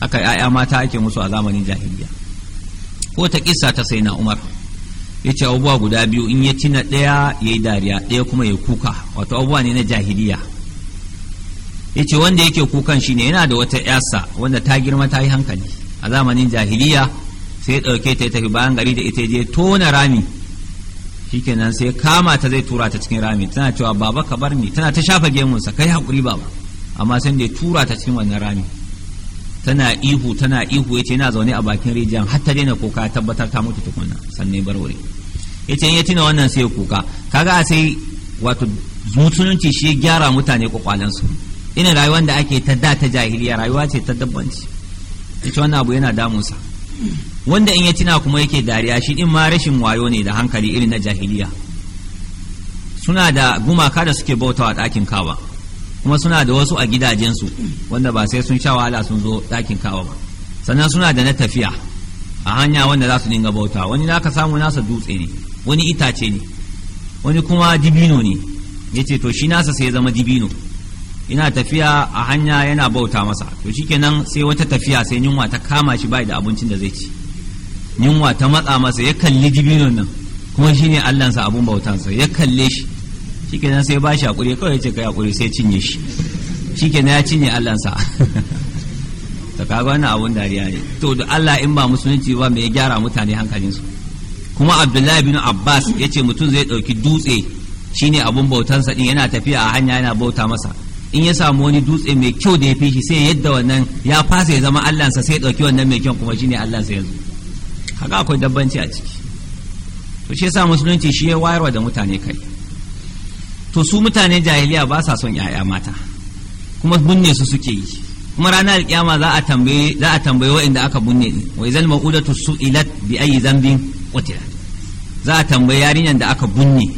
aka ‘ya'ya mata ake musu a zamanin jahiliya ko ta kisa ta sai na umar ya ce abubuwa guda biyu in ya cina daya ɗaya ya yi dariya ɗaya kuma ya kuka wato abubuwa ne na jahiliya ya ce wanda yake kukan shi ne yana da wata ‘yarsa wanda ta girma ta yi hankali a zamanin jahiliya sai ya ɗauke ta ya tafi bayan gari da ita je tona rami shikenan sai kama ta zai tura ta cikin rami tana cewa baba ka bar ni tana ta shafa gemunsa kai haƙuri baba amma sai da ya tura ta cikin wannan rami tana ihu tana ihu yace yana zaune a bakin rijiyar har ta daina kuka tabbatar ta mutu tukunna sannan bar wuri yace ya tuna wannan sai kuka kaga a sai wato musulunci shi gyara mutane kwakwalansu su ina rayuwar da ake ta da ta jahiliya rayuwa ce ta dabbanci yace wannan abu yana damunsa wanda in ya tuna kuma yake dariya shi din ma rashin wayo ne da hankali irin na jahiliya suna da gumaka da suke bautawa ɗakin kawa kuma suna da wasu a gidajensu wanda ba sai sun sha wahala sun zo ɗakin kawo ba sannan suna da na tafiya a hanya wanda za su dinga bauta wani na ka samu nasa dutse ne wani itace ne wani kuma dibino ne ya ce to shi nasa sai ya zama dibino ina tafiya a hanya yana bauta masa to shi kenan sai wata tafiya sai yunwa ta kama shi bai da abincin da zai ci yunwa ta matsa masa ya kalli dibinon nan kuma shine allansa abun bautansa ya kalle shi shikenan sai ba shi hakuri kawai ya ce kai hakuri sai cinye shi shikenan ya cinye allansa (laughs) ta kaga wannan abun dariya ne to da Allah in ba musulunci ba mai gyara mutane hankalinsu kuma Abdullahi bin Abbas ya ce mutum zai ɗauki dutse shine abun bautansa din yana tafiya a hanya yana bauta masa in ya samu wani dutse mai kyau da ya fi shi sai yadda wannan ya fasa ya zama allansa sai ya ɗauki wannan mai kyau kuma shine allansa yanzu haka akwai dabbanci a ciki to shi yasa musulunci shi ya wayarwa da mutane kai to su mutane jahiliya ba sa son yaya mata kuma bunne su suke yi kuma ranar alkiyama za a tambaye za a tambaye waɗanda aka bunne din wa izal ma'udatu su'ilat bi ayi zambin qutila za a tambaye yarinyar da aka bunne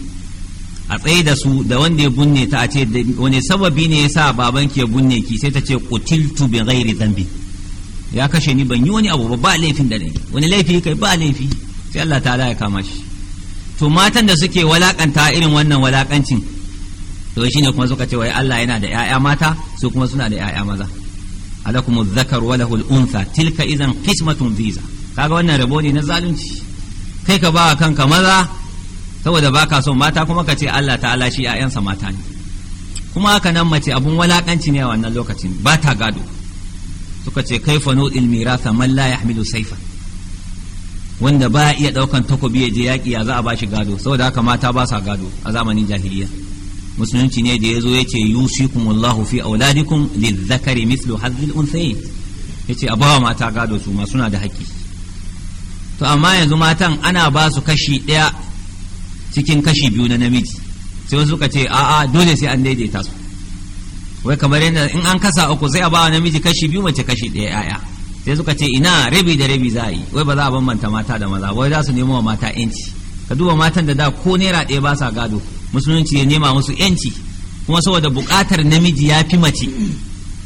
a tsaye da su da wanda ya bunne ta a ce wani sababi ne yasa baban ki ya bunne ki sai ta ce qutiltu bi ghairi zambi ya kashe ni ban yi wani abu ba ba laifin da nake wani laifi kai ba laifi sai Allah ta'ala ya kama shi to matan da suke walakanta irin wannan walakancin to ne kuma suka ce wai Allah yana da 'ya'ya mata su kuma suna da 'ya'ya maza alakum dhakar wa lahul untha tilka izan qismatun dhiza kaga wannan rabo ne na zalunci kai ka ba kanka maza saboda baka son mata kuma ka ce Allah ta shi 'ya'yansa mata ne kuma haka nan mace abun walakanci ne a wannan lokacin ba ta gado suka ce kaifa nudil mirasa malla ya yahmilu sayfa wanda ba iya ɗaukan takobi ya je yaki ya za a ba shi gado saboda haka mata ba sa gado a zamanin jahiliya musulunci ne da ya zo ya ce yusikumullahu fi auladikum lizzakari mislu hazzil unsayin ya ce a bawa mata gado su ma suna da haƙƙi to amma yanzu matan ana ba su kashi ɗaya cikin kashi biyu na namiji sai wasu suka ce a'a dole sai an daidaita su wai kamar yadda in an kasa uku sai a bawa namiji kashi biyu mace kashi ɗaya ya'ya sai suka ce ina rabi da rabi za a yi wai ba za a bambanta mata da maza wai za su nemo wa mata yanci ka duba matan da da ko naira ɗaya ba sa gado musulunci ya nema musu yanci kuma saboda bukatar namiji ya fi mace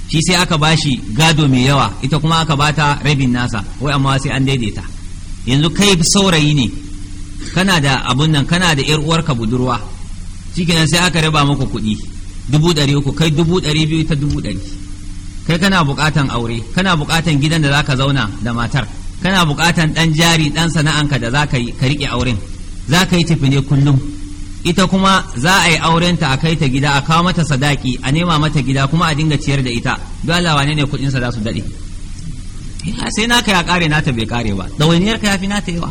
shi sai aka ba shi gado mai yawa ita kuma aka bata rabin nasa wai amma sai an daidaita yanzu kai saurayi ne kana da abun nan kana da yar uwarka budurwa cikin sai aka raba maka kuɗi dubu ɗari uku kai dubu ɗari biyu ta dubu ɗari kai kana bukatan aure kana bukatan gidan da zaka zauna da matar kana bukatan ɗan jari ɗan sana'anka da zaka yi ka riƙe auren zaka yi tafi ne kullum ita kuma za a yi aurenta a kai ta gida a kawo mata sadaki a nema mata gida kuma a dinga ciyar da ita don Allah wane ne kudin sa za su dade sai naka ya kare nata bai kare ba dawainiyar ka yafi nata yawa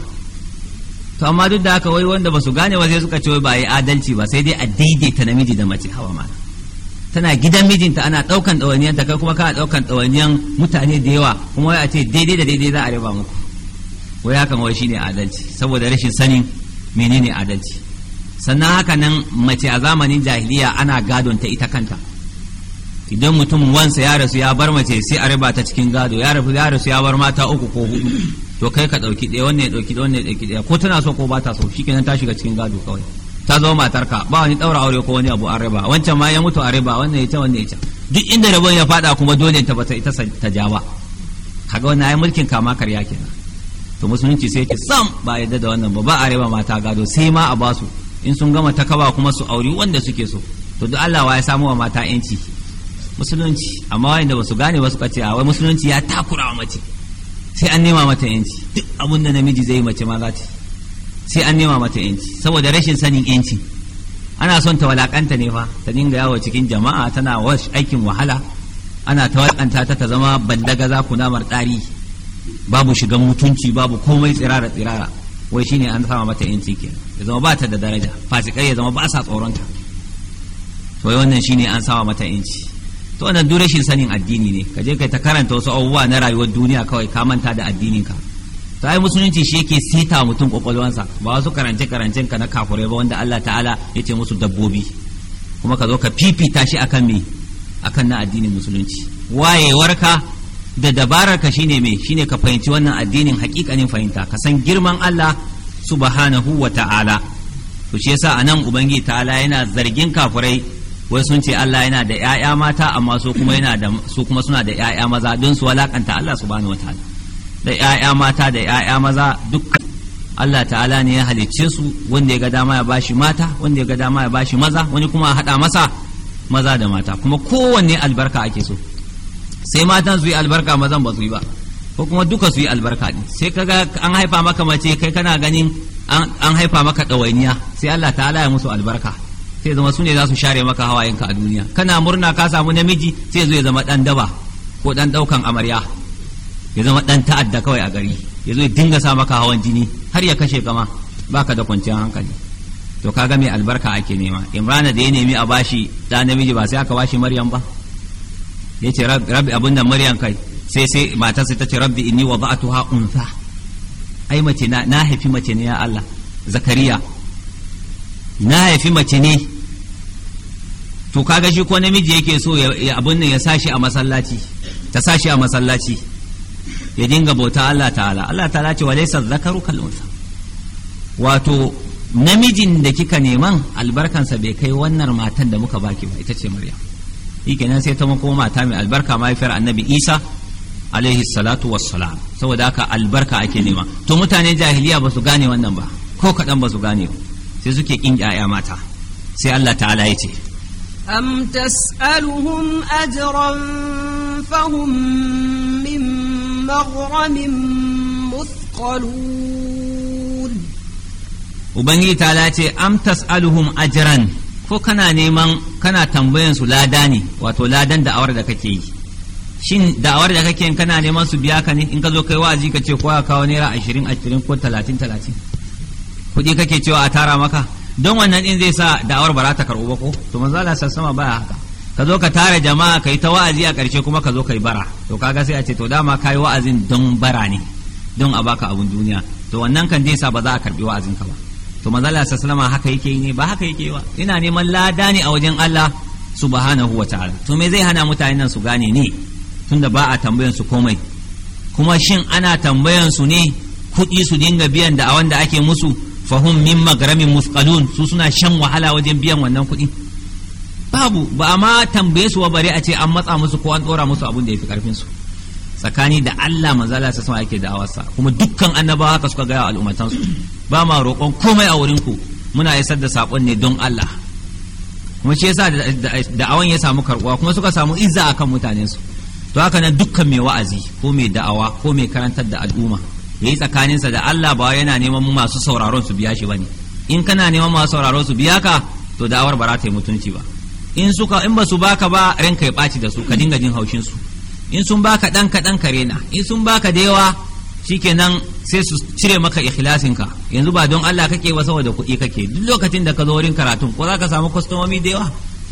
to amma duk da haka wai wanda basu gane ba sai suka ce wai ba yi adalci ba sai dai a daidaita namiji da mace hawa mana tana gidan mijinta ana daukan dawainiyar ta kai kuma kana daukan dawainiyar mutane da yawa kuma wai a ce daidai da daidai za a riba muku wai hakan wai shine adalci saboda rashin sanin menene adalci sannan haka nan mace a zamanin jahiliya ana gadon ta ita kanta idan mutum wansa ya rasu ya bar mace sai a riba ta cikin gado ya rasu ya rasu ya bar mata uku ko hudu to kai ka dauki ɗaya wannan ya dauki wannan ya dauki ɗaya ko tana so ko ba ta so shikenan ta shiga cikin gado kawai ta zama matarka ba wani daura aure ko wani abu an riba wancan ma ya mutu a riba wannan ya ta wannan ya ta duk inda rabon ya fada kuma dole ta bata ita ta ja ba kaga wannan ai mulkin kama karya kenan to musulunci sai ce sam ba yadda da wannan ba ba a riba mata gado sai ma a basu in sun gama ta kaba kuma su auri wanda suke so to duk Allah wa ya samu wa mata yanci musulunci amma wanda ba su gane ba su kace a wai musulunci ya takura wa mace sai an nema mata yanci duk abun da namiji zai mace ma za ta sai an nema mata yanci saboda rashin sanin yanci ana son ta walakanta ne fa ta dinga yawo cikin jama'a tana wash aikin wahala ana ta walakanta ta ta zama bandaga za ku namar tsari babu shigan mutunci babu komai tsirara tsirara wai shine an sama mata yanci kenan ya zama ba ta da daraja fasikai ya zama ba sa tsoronta to wannan shine an sawa mata inci to wannan duk shi sanin addini ne ka je kai ta karanta wasu abubuwa na rayuwar duniya kawai ka manta da addinin ka to ai musulunci shi yake sita mutum kwakwalwarsa ba wasu karance karancen ka na kafurai ba wanda Allah ta'ala ya ce musu dabbobi kuma ka zo ka fifita shi akan me akan na addinin musulunci wayewarka da dabarar ka shine me shine ka fahimci wannan addinin hakikanin fahimta ka san girman Allah subhanahu wa ta'ala to shi yasa anan ubangi ta'ala yana zargin kafurai wai sun ce Allah yana da ƴaƴa mata amma su kuma yana da su kuma suna da ƴaƴa maza don su walakanta Allah subhanahu wa ta'ala da ƴaƴa mata da ƴaƴa maza dukkan Allah ta'ala ne ya halicce su wanda ya ga dama ya bashi mata wanda ya ga dama ya bashi maza wani kuma a haɗa masa maza da mata kuma kowanne albarka ake so sai matan su yi albarka mazan ba su yi ba ko kuma duka su yi albarka ne sai kaga an haifa maka mace kai kana ganin an haifa maka ɗawainiya sai Allah ta ya musu albarka sai zama su ne za su share maka hawayenka a duniya kana murna ka samu namiji sai zo ya zama ɗan daba ko ɗan ɗaukan amarya ya zama ɗan ta'adda kawai a gari ya zo ya dinga sa maka hawan jini har ya kashe kama baka da kwanciyar hankali to kaga mai albarka ake nema imrana da ya nemi a bashi da namiji ba sai aka bashi maryam ba ya ce rabi abin da maryam kai sai sai matar sai ta ce rabbi inni wada'tuha untha ai mace na na haifi mace ne ya Allah zakariya na haifi mace ne to kaga shi ko namiji yake so ya abin nan ya sashi a masallaci ta sashi a masallaci ya dinga bauta Allah ta'ala Allah ta'ala ce wa laysa zakaru kal untha wato namijin da kika neman albarkansa bai kai wannan matan da muka baki ba ita ce Maryam shi kenan sai ta kuma mata mai albarka mahaifiyar Annabi Isa alaihi salatu wassalam saboda haka albarka ake nema to mutane jahiliya ba su gane wannan ba ko kaɗan ba su gane sai suke kin ƴaƴa mata sai Allah ta'ala ya ce am tas'aluhum ajran fahum min maghramin muthqalun ubangiji ta'ala ce am tas'aluhum ajran ko kana neman kana tambayan su lada ne wato ladan da awar da kake yi shin da'awar da kake kana neman su biya ka ne in ka zo kai wa'azi ka ce kowa kawo naira ashirin ashirin ko talatin talatin kuɗi kake cewa a tara maka don wannan din zai sa da'awar ba za ta karɓu ba ko to manzo Allah sassama baya haka ka zo ka tara jama'a ka yi ta wa'azi a ƙarshe kuma ka zo ka yi bara to kaga sai a ce to dama ka yi wa'azin don bara ne don a baka abun duniya to wannan kan zai sa ba za a karɓi wa'azin ka ba to manzo Allah sassama haka yake yi ne ba haka yake yi ba ina neman lada ne a wajen Allah subhanahu wa ta'ala to me zai hana mutanen nan su gane ne tunda ba a tambayan su komai kuma shin ana tambayan su ne kuɗi su dinga biyan da a wanda ake musu fahum min magramin musqalun su suna shan wahala wajen biyan wannan kuɗi babu ba ma tambaye su bare a ce an matsa musu ko an tsora musu abun da ya fi karfin su tsakani da Allah manzala ta sama ake sa kuma dukkan annabawa haka suka gaya al'ummatan su ba ma roƙon komai a wurin ku muna isar da sakon ne don Allah kuma shi yasa da'awan ya samu karɓuwa kuma suka samu izza akan mutanen su to haka nan dukkan mai wa'azi ko mai da'awa ko mai karantar da al'umma ya yi tsakaninsa da Allah ba yana neman masu sauraron su biya shi bane in kana neman masu sauraron su biya ka to da'awar ba za ta yi mutunci ba in suka in ba su baka ba ranka ya ɓaci da su ka dinga jin haushin su in sun baka dan kaɗan kare na in sun baka da yawa shikenan sai su cire maka ka yanzu ba don Allah kake ba saboda kuɗi kake duk lokacin da ka zo wurin karatun ko za ka samu kwastomomi da yawa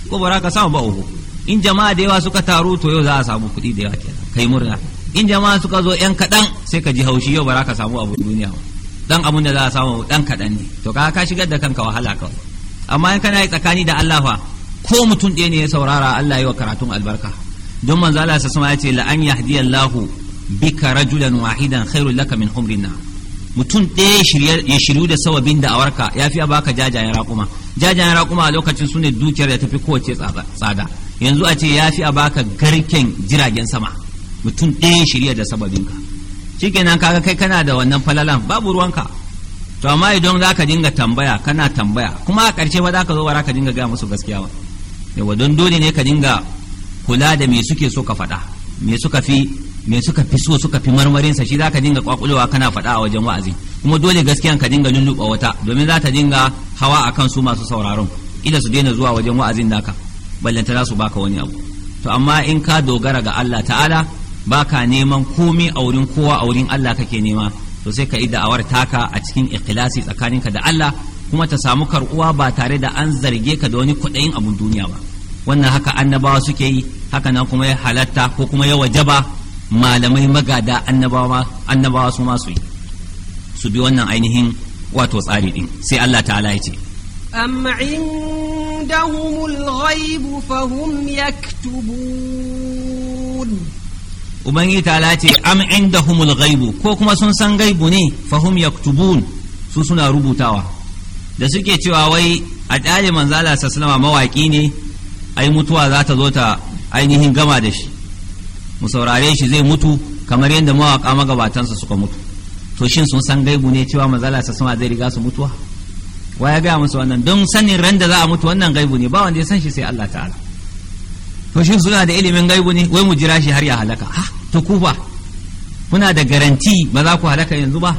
ko ba za ka samu ba uku in jama'a da yawa suka taru to yau za a samu kuɗi da yawa kenan kai murna in jama'a suka zo yan kaɗan sai ka ji haushi yau ba za ka samu abu duniya ba dan abun da za a samu dan kaɗan ne to ka ka shigar da kanka wahala kawai amma in kana yi tsakani da Allah fa ko mutum ɗaya ne ya saurara Allah yi wa karatun albarka don manzo Allah sa sama ya ce la an yahdiyallahu bika rajulan wahidan khairul laka min humrin mutum ɗaya ya shiryu da sawabin da'awarka ya fi baka jajayen raƙuma jajayen raƙuma a lokacin su ne dukiyar da tafi kowace tsada yanzu a ce ya fi a baka garken jiragen sama mutum ɗaya shirya da sababinka shikenan kaga kai kana da wannan falalan babu ruwanka to amma idan za ka dinga tambaya kana tambaya kuma a ƙarshe ba za ka zo ba za ka dinga gaya musu gaskiya ba yawa don dole ne ka dinga kula da me suke so ka faɗa me suka fi me suka fi so suka fi marmarinsa shi za ka dinga kwakulewa kana faɗa a wajen wa'azi kuma dole gaskiyan ka dinga lulluɓa wata domin za ta dinga hawa akan su masu sauraron ila su daina zuwa wajen wa'azin naka ballantana su baka wani abu to amma in ka dogara ga Allah ta'ala baka neman komai a wurin kowa a wurin Allah kake nema to sai ka yi da'awar taka a cikin ikhlasi tsakaninka da Allah kuma ta samu karɓuwa ba tare da an zarge ka da wani kuɗayin abun duniya ba wannan haka annabawa suke yi haka na kuma ya halatta ko kuma ya wajaba malamai magada annabawa annabawa su ma su yi su bi wannan ainihin wato tsari din sai Allah ta'ala ya ce أم عندهم الغيب فهم يكتبون Ubangiji ta ce am humul gaibu ko kuma sun san gaibu ne su suna rubutawa da suke cewa wai a ɗali manzala sallama mawaƙi ne ai mutuwa za ta zo ta ainihin gama da shi mu saurare shi zai mutu kamar yadda mawaƙa magabatansa suka mutu to shin sun san gaibu ne cewa manzala sallama zai riga su mutuwa wa ya gaya musu wannan don sanin randa da za a mutu wannan gaibu ne ba wanda ya san shi sai Allah ta'ala to shin suna da ilimin gaibu ne wai mu jira shi har ya halaka ha to ku ba kuna da garanti ba za ku halaka yanzu ba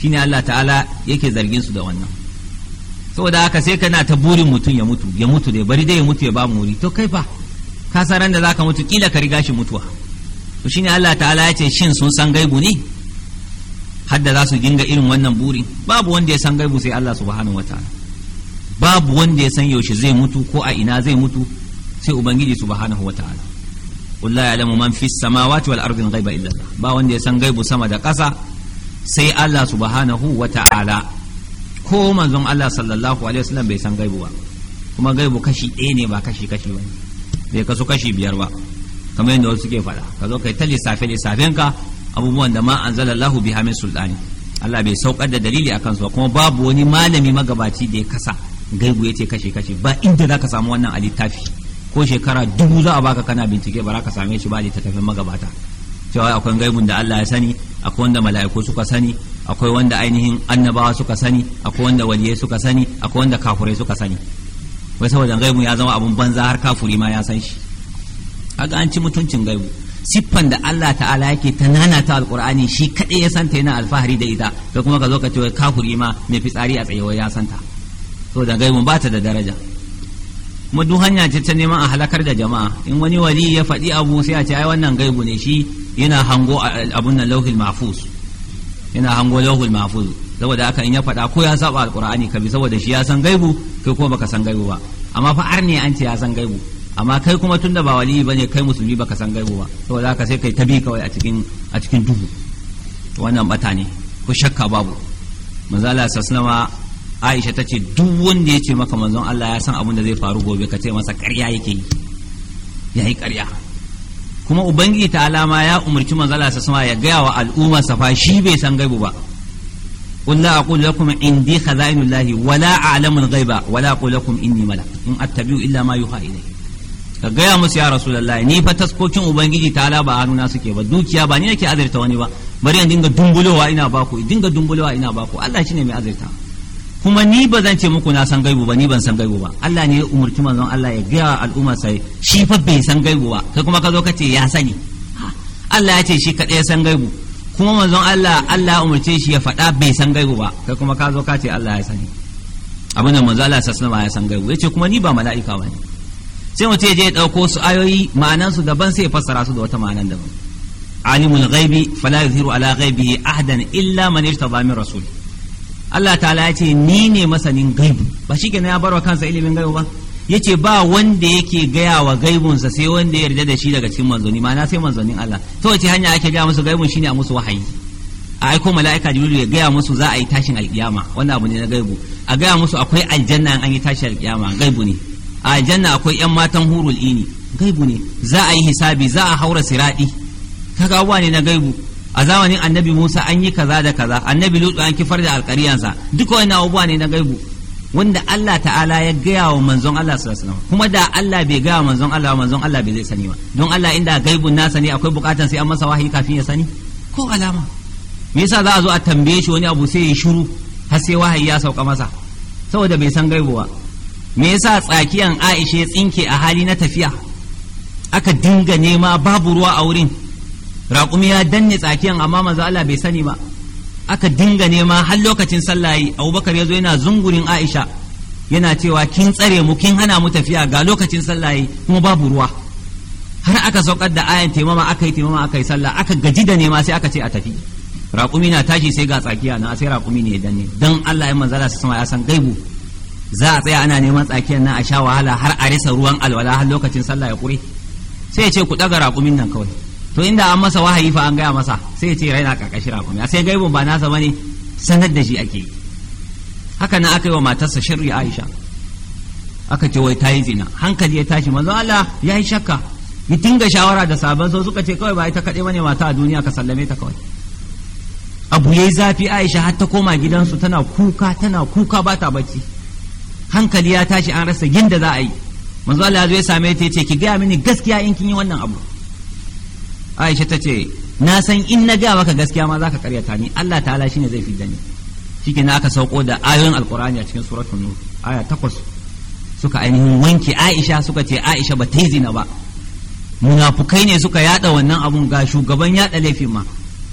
shine Allah ta'ala yake zargin su da wannan saboda haka sai kana ta burin mutum ya mutu ya mutu dai bari dai ya mutu ya ba mu wuri to kai fa ka san ran da zaka mutu kila ka riga shi mutuwa to shine Allah ta'ala ya ce shin sun san gaibu ne hadda za su dinga irin wannan burin babu wanda ya san gaibu sai Allah subhanahu wataala babu wanda ya san yaushe zai mutu ko a ina zai mutu sai ubangiji subhanahu wataala qul la ya'lamu man fis samawati wal ardi ghaiba illa Allah ba wanda ya san gaibu sama da ƙasa sai Allah subhanahu wataala ko manzon Allah sallallahu alaihi wasallam bai san gaibu ba kuma gaibu kashi ɗaya ne ba kashi kashi ba bai kaso kashi biyar ba kamar yadda wasu suke faɗa ka zo kai ta lissafe lissafenka abubuwan da ma an zala Allahu bi hamin sultani Allah bai saukar da dalili akan su kuma babu wani malami magabaci da ya kasa gaibu ya ce kashe kashe ba inda zaka samu wannan a littafi ko shekara dubu za a baka kana bincike ba za ka same shi ba tafin magabata cewa akwai gaibun da Allah ya sani akwai wanda mala'iku suka sani akwai wanda ainihin annabawa suka sani akwai wanda waliyai suka sani akwai wanda kafurai suka sani wai saboda gaibun ya zama abun banza har kafuri ma ya san shi aga an ci mutuncin gaibu siffan da Allah ta'ala yake ta nanata alqur'ani shi kadai ya santa yana alfahari da ita to kuma ka zo ka ce wai kafuri ma mai fitsari a tsayewa ya santa to da ba ta da daraja kuma duk hanya ce ta neman a halakar da jama'a in wani wali ya faɗi abu sai a ce ai wannan gaibu ne shi yana hango abun nan lauhil mahfuz yana hango lauhul mahfuz saboda haka in ya faɗa ko ya saba alqur'ani ka bi saboda shi ya san gaibu kai kuma baka san gaibu ba amma fa arne an ce ya san gaibu amma kai kuma tunda ba waliyi bane kai musulmi baka san gaibo ba saboda haka sai kai ta bi kawai a cikin a cikin duhu to wannan bata ne ko shakka babu manzo sallama Aisha ta ce duk wanda ya ce maka manzon Allah ya san abin da zai faru gobe ka ce masa ƙarya yake yi yi ƙarya kuma ubangiji ta alama ya umarci manzo Allah sallama ya gaya wa al'umma safa shi bai san gaibu ba قل لا أقول لكم عندي خزائن الله ولا أعلم الغيب ولا أقول لكم إني ملك إن أتبع إلا ما يوحى إليه ka gaya musu ya rasu lallai ni fa taskokin ubangiji ta'ala ba haruna suke ba dukiya ba ni nake azurta wani ba bari yan dinga dumbulowa ina ba ku. dinga dumbulowa ina ba ku Allah shine mai azurta kuma ni ba zan ce muku na san gaibu ba ni ban san gaibu ba Allah ne ya umurci manzon Allah ya gaya al'umma sai shi fa bai san gaibu ba kai kuma ka zo ka ce ya sani Allah ya ce shi ka ya san gaibu kuma manzon Allah Allah ya umurce shi ya faɗa bai san gaibu ba kai kuma ka zo ka ce Allah ya sani abin da manzo Allah sallallahu alaihi ya san gaibu yace kuma ni ba mala'ika ba ne. sai mutum je ya ɗauko su ayoyi ma'anan su daban sai ya fassara su da wata ma'anan daban alimul ghaibi fala yuziru ala ghaibihi ahdan illa man irtada min rasul Allah ta'ala ya ce ni ne masanin gaibu ba shi ya barwa kansa ilimin gaibu ba yace ba wanda yake gaya wa gaibunsa sai wanda ya yarda da shi daga cikin manzoni ma'ana sai manzonin Allah to wace hanya ake gaya musu gaibun shine a musu wahayi a aiko mala'ika jibril ya gaya musu za a yi tashin alkiyama wannan abu ne na gaibu a gaya musu akwai aljanna an yi tashin alkiyama gaibu ne a aljanna akwai yan matan hurul ini gaibu ne za a yi hisabi za a haura siradi kaga abubuwa ne na gaibu a zamanin annabi Musa an yi kaza da kaza annabi Lutu an kifar da alƙaryansa duka wani abubuwa ne na gaibu wanda Allah ta'ala ya gaya wa manzon Allah sallallahu alaihi wasallam kuma da Allah bai gaya wa manzon Allah manzon Allah bai zai sani ba don Allah inda gaibun nasa ne akwai bukatan sai an masa wahayi kafin ya sani ko alama me yasa za a zo a tambaye shi wani abu sai ya shiru har sai wahayi ya sauka masa saboda bai san gaibu ba me yasa tsakiyan aisha ya tsinke a hali na tafiya aka dinga nema babu ruwa a wurin raƙumi ya danne tsakiyan amma manzo Allah bai sani ba aka dinga nema har lokacin sallah yi abubakar ya zo yana zungurin aisha yana cewa kin tsare mu kin hana mu tafiya ga lokacin sallah yi kuma babu ruwa har aka saukar da ayan taimama aka yi taimama aka yi sallah aka gaji da nema sai aka ce a tafi raƙumi na tashi sai ga tsakiya na sai raƙumi ne ya danne don Allah ya manzala su sama ya san gaibu za a tsaya ana neman tsakiyar nan a sha wahala har a risa ruwan alwala har lokacin sallah ya kure sai ya ce ku daga raƙumin nan kawai to inda an masa wahayi fa an gaya masa sai ya ce raina karkashin raƙumi sai ga'ibin ba nasa bane sanar da shi ake yi haka na aka yi wa matarsa shirri Aisha aka ce wai ta yi zina hankali ya tashi manzo Allah ya yi shakka ya dinga shawara da sabon so suka ce kawai ba ita kaɗai bane mata a duniya ka sallame ta kawai abu ya zafi aisha har ta koma gidansu tana kuka tana kuka ba ta bacci hankali ya tashi an rasa da za a yi manzo Allah ya same ta yace ki gaya mini gaskiya in kin yi wannan abu Aisha ta ce na san in na ga maka gaskiya ma zaka karyata ni Allah ta'ala shine zai fidda ni shike na aka sauko da ayoyin alqur'ani a cikin suratul nur aya takwas suka ainihin wanke Aisha suka ce Aisha ba ta yi zina ba munafukai ne suka yada wannan abun ga shugaban yada laifin ma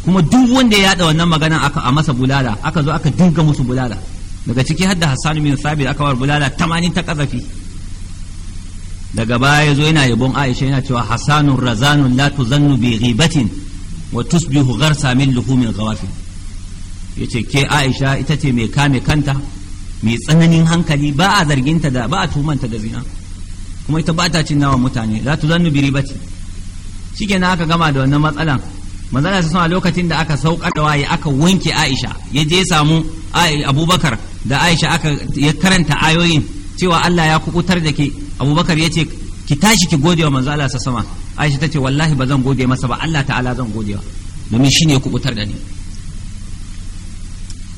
kuma duk wanda ya yada wannan magana aka a masa bulala aka zo aka dinga musu bulala daga ciki hadda Hassan bin Sabit aka war bulala 80 ta kazafi daga baya ya zo yana yabon Aisha yana cewa Hassanun razanun la tuzannu bi ghibatin wa tusbihu gharsa min luhumin Ya ce ke Aisha ita ce mai kame kanta mai tsananin hankali ba a zarginta da ba a tumanta da zina kuma ita ba ta cin nawa mutane la tuzannu bi ribatin shikenan aka gama da wannan matsalan manzala sai a lokacin da aka saukar da waye aka wanke Aisha ya je samu Abubakar da Aisha aka ya karanta ayoyin cewa Allah ya kubutar da ke Abubakar ya ce ki tashi ki gode wa manzo Allah sa sama Aisha ta ce wallahi ba zan gode masa ba Allah ta'ala zan gode wa domin ne ya kubutar da ni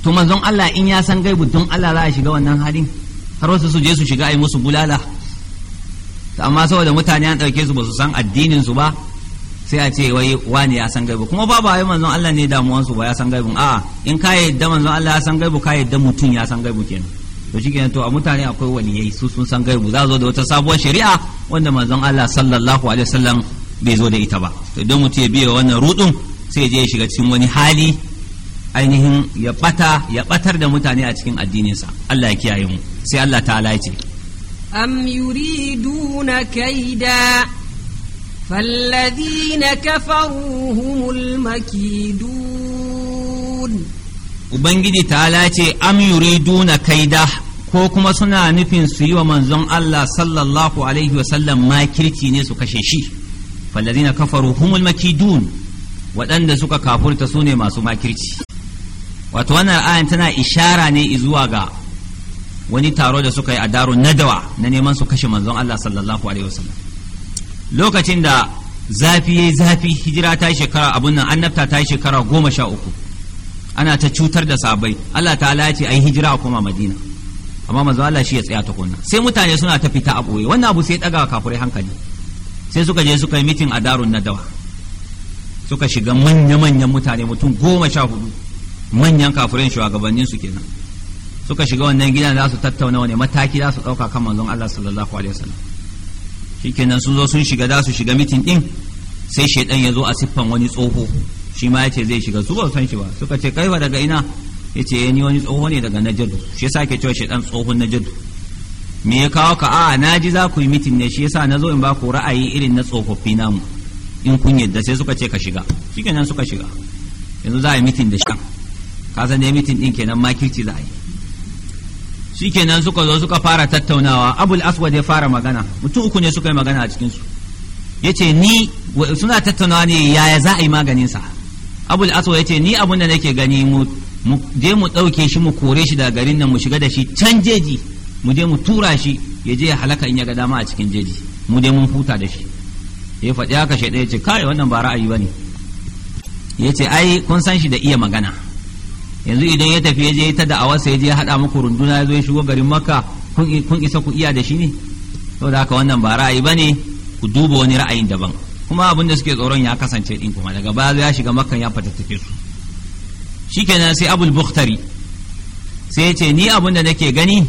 to manzon Allah in ya san gaibu don Allah za a shiga wannan halin har wasu su je su shiga ayi musu bulala amma saboda mutane an ɗauke su ba su san addinin su ba sai a ce wai wani ya san gaibu kuma babu ba wai manzon Allah ne su ba ya san gaibu a in ka yadda manzon Allah ya san gaibu ka yadda mutum ya san gaibu kenan to shikenan to a mutane akwai waliyai su sun san gaibu za zo da wata sabuwar shari'a wanda manzon Allah sallallahu alaihi wasallam bai zo da ita ba to idan mutum ya biye wannan ruɗun sai je ya shiga cikin wani hali ainihin ya bata ya batar da mutane a cikin addininsa Allah ya kiyaye mu sai Allah ta'ala ya ce am yuriduna kaida فالذين كفروا هم المكيدون Ubangiji ta ce am yuriduna kaida ko kuma suna nufin su yi wa manzon Allah sallallahu alaihi wasallam makirci ne su kashe shi fallazina kafaru humul makidun waɗanda suka kafurta su ne masu makirci wato wannan ayan tana ishara ne zuwa ga wani taro da suka yi a daro nadawa na neman su kashe manzon Allah sallallahu alaihi wasallam lokacin da zafi ya zafi hijira ta shekara abun nan annabta ta shekara goma sha uku ana ta cutar da sabai Allah ta ya ce yi hijira a koma Madina amma mazu Allah shi ya tsaya tukunna sai mutane suna ta fita a boye wannan abu sai daga kafurai hankali sai suka je suka yi mitin a darun dawa. suka shiga manya-manyan mutane mutum goma sha hudu manyan kafurai shugabannin su kenan suka shiga wannan gidan za su tattauna wani mataki za su ɗauka kan manzon Allah sallallahu alaihi wasallam shikenan sun zo sun shiga da su shiga mitin din sai shaidan ya zo a siffan wani tsoho shi ma yace zai shiga su ba san shi ba suka ce kai ba daga ina yace eh, ni wani tsoho ne daga najir shi yasa ke cewa shaidan tsohon najir me ya kawo ka a ah, na ji za ku yi mitin ne shi yasa na zo in ba ku ra'ayi irin na tsofaffi namu in kun yadda sai suka ce ka shiga shikenan suka shiga yanzu za a yi mitin da shi ka san dai mitin din kenan makirci za a yi shikenan suka zo suka fara tattaunawa abul aswad ya fara magana mutum uku ne suka yi magana a cikinsu ya ce ni suna tattaunawa ne yaya za a yi maganinsa abul aswad ya ce ni abin da nake gani mu je mu ɗauke shi mu kore shi daga garin nan mu shiga da shi can jeji mu je mu tura shi ya je ya halaka in ya ga dama a cikin jeji mu je mun huta da shi ya faɗi haka shaiɗa ya ce kai wannan ba ra'ayi ba ne ya ce ai kun san shi da iya magana yanzu idan ya tafi ya je ta awasa ya je hada haɗa muku runduna ya zo ya shigo garin makka kun isa ku iya da shi ne saboda haka wannan ba ra'ayi ba ne ku duba wani ra'ayin daban kuma abin da suke tsoron ya kasance din kuma daga baya ya shiga makka ya tafi su shikenan sai abul bukhtari sai ya ce ni abin da nake gani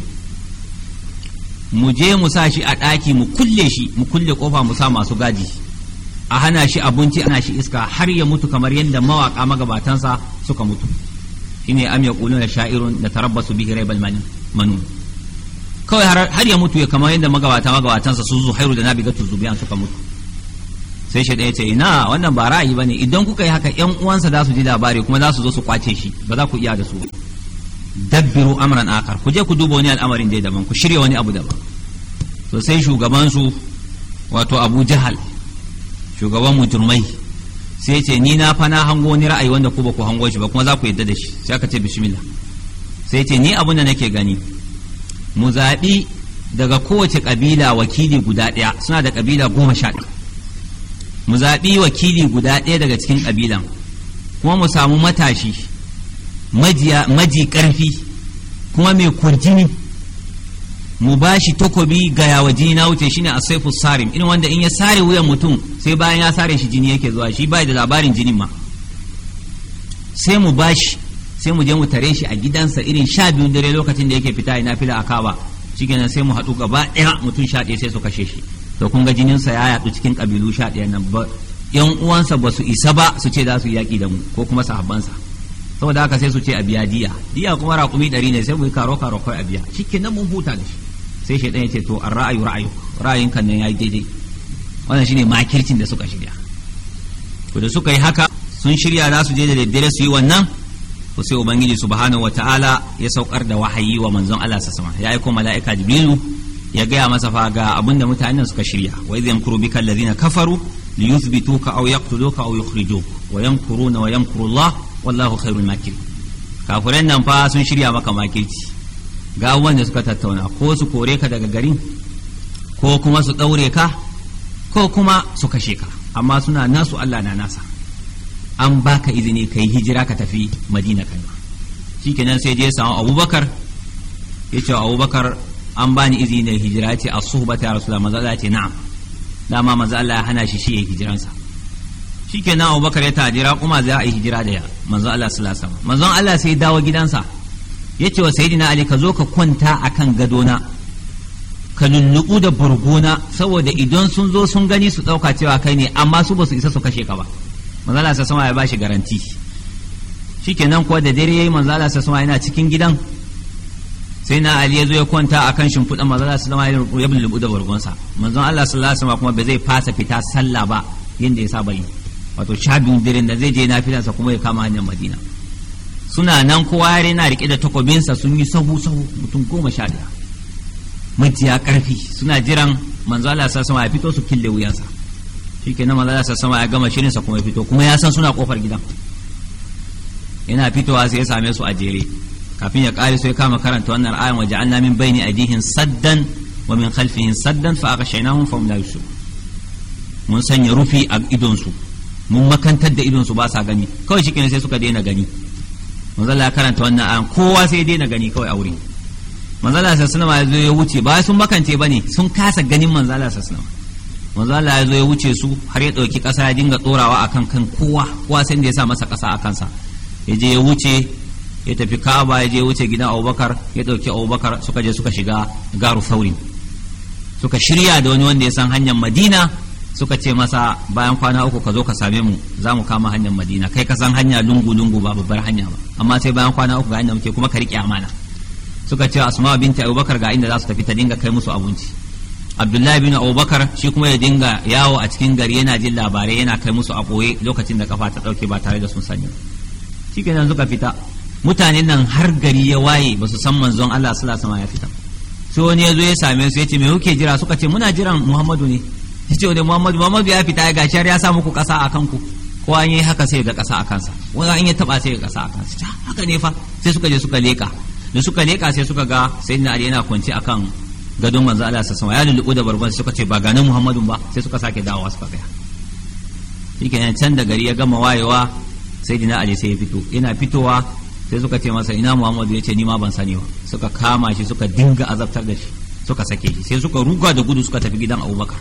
mu je mu sa shi a daki mu kulle shi mu kulle kofa mu sa masu gaji a hana shi abinci ana shi iska har ya mutu kamar yadda mawaka magabatansa suka mutu shine am yaquluna sha'irun natarabbasu bihi raibal manun kawai har ya mutu ya kamar yadda magabata magabatansa su zuhairu da nabigatu zubiyan suka mutu sai shi ya ce ina wannan ba ra'ayi bane idan kuka yi haka yan uwansa za su ji labari kuma za su zo su kwace shi ba za ku iya da su dabbiru amran akar ku je ku duba wani al'amarin dai daban ku shirya wani abu daban to sai shugaban su wato abu jahal shugaban mutumai sai ce ni na fa na hango wani ra'ayi wanda ku ba ku hango shi ba kuma za ku yadda da shi sai aka ce bishimila sai ce ni abin da nake gani mu zaɓi daga kowace ƙabila wakili guda ɗaya suna da ƙabila goma sha ɗaya mu zaɓi wakili guda ɗaya daga cikin ƙabilan kuma mu samu matashi maji ƙarfi kuma mai kurjini mu bashi takobi ga yawaji na wuce shine saifu sarim irin wanda in ya sare wuyan mutum sai bayan ya sare shi jini yake zuwa shi ba da labarin jini ma sai mu bashi sai mu je mu tare shi a gidansa irin sha biyun dare lokacin da yake fita ina fila a kaba shikenan sai mu haɗu gaba ɗaya mutum sha ɗaya sai su kashe shi to kun ga jininsa ya yaɗu cikin ƙabilu sha ɗaya nan ba yan uwansa ba su isa ba su ce za su yaƙi da mu ko kuma sahabbansa saboda haka sai su ce a biya diya diya kuma raƙumi ɗari ne sai mu yi karo karo kawai a biya shikenan mun huta da shi sai shaidan ya ce to an ra'ayu ra'ayu ra'ayin kan nan ya yi daidai wannan shine makircin da suka shirya to da suka yi haka sun shirya za su je da daddare su yi wannan to sai ubangiji subhanahu ta'ala ya saukar da wahayi wa manzon Allah sassama ya aiko mala'ika jibrilu ya gaya masa fa ga abinda mutanen suka shirya wa idh yamkuru bika alladhina kafaru liyuthbituka aw yaqtuluka aw yukhrijuka wa yamkuruna wa yamkuru Allah wallahu khairul makirin kafiran nan fa sun shirya maka makirci ga abubuwan da suka tattauna ko su kore ka daga garin ko kuma su ɗaure ka ko kuma su kashe ka amma suna nasu Allah na nasa an baka izini ka yi hijira ka tafi madina kai ma shikenan sai je samu abubakar ya ce abubakar an bani izini da hijira ce a suhbata rasulullah manzo Allah ce na'am dama manzo Allah ya hana shi shi ya hijiransa shikenan abubakar ya tajira kuma za a yi hijira da ya manzo Allah sallallahu alaihi wasallam manzo Allah sai dawo gidansa ya ce wa sayidina ali ka zo ka kwanta a kan gadona ka nunnuku da burguna saboda idan sun zo sun gani su ɗauka cewa kai ne amma su ba su isa su kashe ka ba manzala sa sama ya ba shi garanti nan kuwa da dare ya yi manzala sa sama yana cikin gidan sai na ali ya zo ya kwanta a kan shimfiɗan manzala sa sama ya nunnuku da burgunsa manzon Allah sallallahu alaihi wasallam kuma ba zai fasa fita sallah ba yadda ya saba yi wato shabin dirin da zai je na filansa kuma ya kama hanyar Madina suna nan kowa yare na rike da takobinsa sun yi sahu sahu mutum goma sha daya majiya karfi suna jiran manzo Allah sa sama ya fito su kille wuyansa shikenan manzo Allah sa sama ya gama shirinsa kuma ya fito kuma ya san suna kofar gidan yana fitowa sai ya same su a jere kafin ya kare sai kama karanta wannan ayan waja'alna min baini ajihin saddan wa min khalfihin saddan fa aghshaynahum fa hum la yusirun mun sanya rufi a idonsu mun makantar da idonsu ba sa gani kawai shikenan sai suka daina gani manzala ya karanta wannan ayan kowa sai dai na gani kawai a wurin manzala sassanama ya zo ya wuce ba sun makance ba ne sun kasa ganin manzala sassanama manzala ya zo ya wuce su har ya ɗauki ƙasa ya dinga ɗorawa akan kan kowa kowa sai da ya sa masa ƙasa a kansa ya je ya wuce ya tafi ka'aba ya je wuce gidan abubakar ya ɗauki abubakar suka je suka shiga garu saurin suka shirya da wani wanda ya san hanyar madina suka ce masa bayan kwana uku ka zo ka same mu za mu kama hanyar madina kai ka san hanya lungu lungu ba babbar hanya ba amma sai bayan kwana uku ga inda muke kuma ka riƙe amana suka ce asma binta abubakar ga inda za su tafi ta dinga kai musu abinci abdullahi bin abubakar shi kuma ya dinga yawo a cikin gari yana jin labarai yana kai musu a ɓoye lokacin da kafa ta ɗauke ba tare da sun sani nan suka fita mutanen nan har gari ya waye ba su san manzon Allah sallallahu alaihi ya fita sai wani ya zo ya same su ya ce me kuke jira suka ce muna jiran Muhammadu ne ce wani muhammadu muhammadu ya fita ya gashar ya sa muku kasa a kanku ko an yi haka sai ga kasa a kansa wani an yi taba sai ga kasa a kansa haka ne fa sai suka je suka leka da suka leka sai suka ga sai ali yana kwance kan gadon manzo Allah sa sama ya lulluɓu da barban suka ce ba ganin muhammadu ba sai suka sake dawowa suka tsaya shikenan can da gari ya gama wayewa dina ali sai ya fito yana fitowa sai suka ce masa ina muhammadu ya ce ni ma ban sani ba suka kama shi suka dinga azabtar da shi suka sake shi sai suka ruga da gudu suka tafi gidan abubakar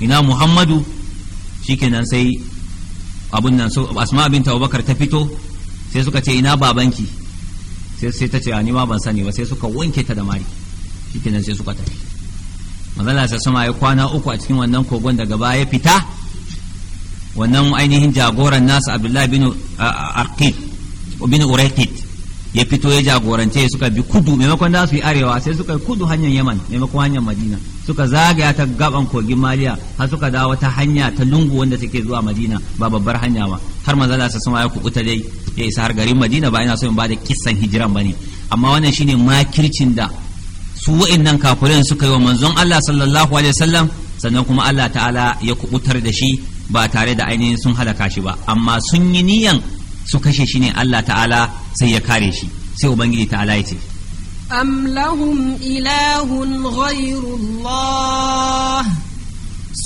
ina muhammadu shikenan sai abun nan so asma bin abubakar ta fito sai suka ce ina babanki sai sai ta ce ni ma ban sani ba sai suka wanke ta da mari shikenan sai suka tafi manzala sai sama ya kwana uku a cikin wannan kogon daga baya fita wannan ainihin jagoran nasu abdullahi bin arqid bin uraqid ya fito ya jagorance suka bi kudu maimakon da su yi arewa sai suka yi kudu hanyar yaman maimakon hanyar madina suka zagaya ta gaban kogin maliya har suka dawo wata hanya ta lungu wanda take zuwa madina ba babbar hanya ba har manzala sa sama ya kubuta dai ya isa har garin madina ba ina so in bada kissan hijiran bane amma wannan shine makircin da su wa'annan kafirin suka yi wa manzon Allah sallallahu alaihi wasallam sannan kuma Allah ta'ala ya kubutar da shi ba tare da ainihin sun halaka shi ba amma sun yi niyan su kashe shi ne Allah ta'ala sai ya kare shi sai ubangiji ta'ala ya ce am lahum ilahun ghayrullah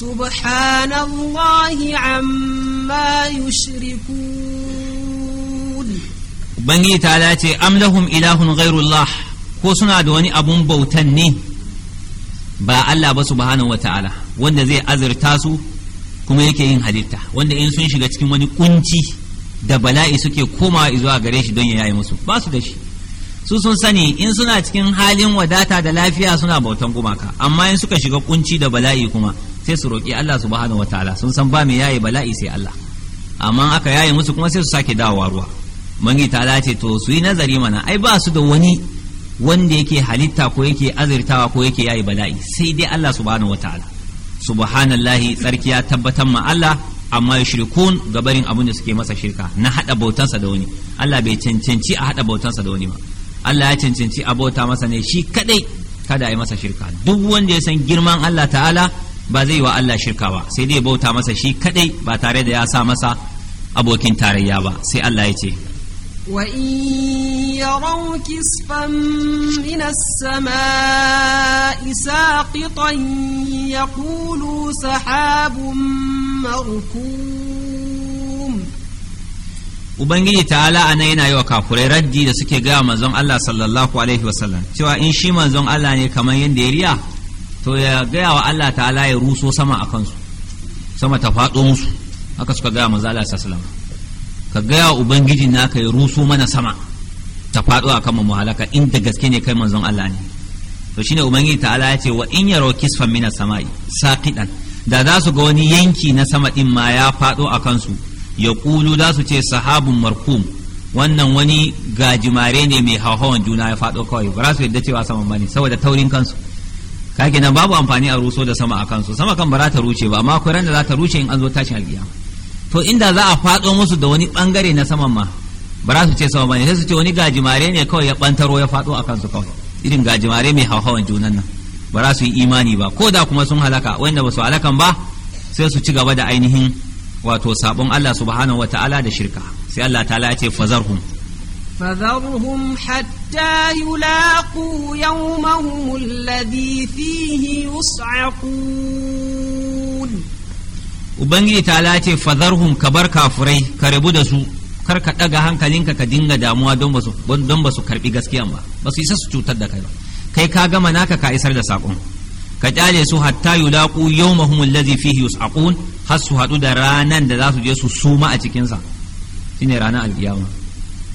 subhanallahi amma yushrikun ubangiji ta'ala ce am lahum ilahun ghayrullah ko suna da wani abun bautan ne ba Allah ba subhanahu wata'ala wanda zai azurta su kuma yake yin halitta wanda in sun shiga cikin wani kunci da bala'i suke komawa zuwa gare shi don ya yayi musu ba su da shi su sun sani in suna cikin halin wadata da lafiya suna bautan gumaka amma in suka shiga kunci da bala'i kuma sai su roƙi Allah subhanahu wataala sun san ba mai yayi bala'i sai Allah amma aka yayi musu kuma sai su sake dawowa ruwa mangi ta ce to su yi nazari mana ai ba su da wani wanda yake halitta ko yake azirtawa ko yake yayi bala'i sai dai Allah subhanahu wataala subhanallahi tsarki ya tabbatar ma Allah amma yushrikun gabarin abin da suke masa shirka na hada bautansa da wani Allah bai cancanci a hada bautansa da wani ba Allah ya cancanci a bauta masa ne shi kadai kada yi masa shirka duk wanda ya san girman Allah ta'ala ba zai wa Allah shirka ba sai dai bauta masa shi kadai ba tare da ya sa masa abokin tarayya ba sai Allah ya ce وإن يروا كسفا من السماء ساقطا يقولوا سحاب مركوم Ubangiji ta'ala a nan yana yi wa kafurai raddi da suke gaya manzon Allah sallallahu Alaihi wasallam cewa in shi manzon Allah ne kamar yadda ya riya to ya gaya wa Allah ta'ala ya ruso sama a kansu sama ta faɗo musu haka suka gaya manzon Allah sallallahu Alaihi wasallam ka gaya ubangiji na ka yi rusu mana sama ta faɗo a kan mu inda in gaske ne kai manzon Allah ne to shine ubangiji ta'ala ya ce wa in yaro kisfan mina sama'i saqidan da za su ga wani yanki na sama din ma ya faɗo a kansu ya kulu za su ce sahabun markum wannan wani gajimare ne mai hauhawan juna ya faɗo kawai ba za su yadda cewa saman bane saboda taurin kansu kage nan babu amfani a ruso da sama a kansu sama kan ba za ta ruce ba amma akwai ran da za ta ruce in an zo tashin alkiyama to inda za a faɗo musu da wani bangare na saman ma ba za su ce sama ne sai su ce wani gajimare ne kawai ya ɓantaro ya faɗo a kansu kawai irin gajimare mai hauhawan junan nan ba za su yi imani ba ko da kuma sun halaka wanda ba su halakan ba sai su ci gaba da ainihin wato sabon Allah subhanahu wa ta'ala da shirka sai Allah ta'ala ya ce fazarhum فذرهم حتى يلاقوا يومهم الذي فيه يصعقون ubangiji ta lace fazarhum ka bar kafurai ka rabu da su kar ka ɗaga hankalinka ka dinga damuwa don basu don basu karbi gaskiyan ba ba su isa su cutar da kai ba kai ka gama naka ka isar da sakon ka kyale su hatta yulaqu yawmahum allazi fihi yus'aqun har su haɗu da ranan da za su je su suma a cikin sa shine ranar alkiyama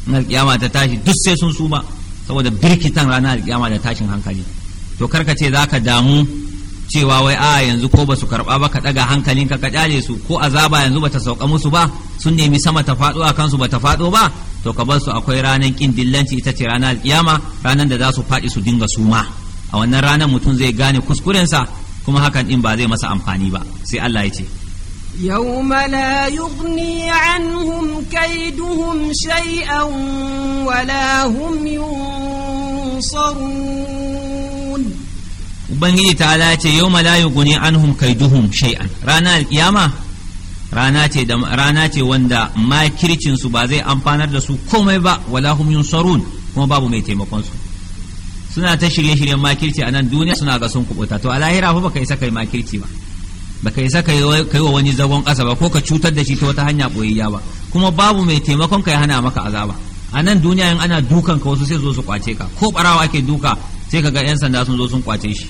in alkiyama ta tashi duk sai sun suma saboda birkitan ranar alkiyama da tashin hankali to kar ka ce zaka damu cewa wai a yanzu ko ba su karɓa ba ka ɗaga hankalin ka ƙyale su ko azaba yanzu ba ta sauka musu ba sun nemi sama ta faɗo a kansu ba ta faɗo ba to ka bar su akwai ranar ƙin dillanci ita ce ranar alƙiyama ranar da za su faɗi su dinga suma a wannan ranar mutum zai gane kuskurensa kuma hakan ɗin ba zai masa amfani ba sai Allah ya ce يوم لا يغني عنهم كيدهم شيئا ولا هم ينصرون ubangiji ta ala ce yau ma layu guni an kaiduhum shay'an rana alkiyama rana ce rana ce wanda makircin su ba zai amfanar da su komai ba wala hum yunsarun kuma babu mai taimakon su suna ta shirye-shiryen makirci a nan duniya suna ga sun kubuta to a lahira fa baka isa kai makirci ba baka isa kai kai wa wani zagon kasa ba ko ka cutar da shi ta wata hanya boyayya ba kuma babu mai taimakon ka ya hana maka azaba a nan duniya in ana dukan ka wasu sai zo su kwace ka ko barawa ake duka sai ka ga yan sanda sun zo sun kwace shi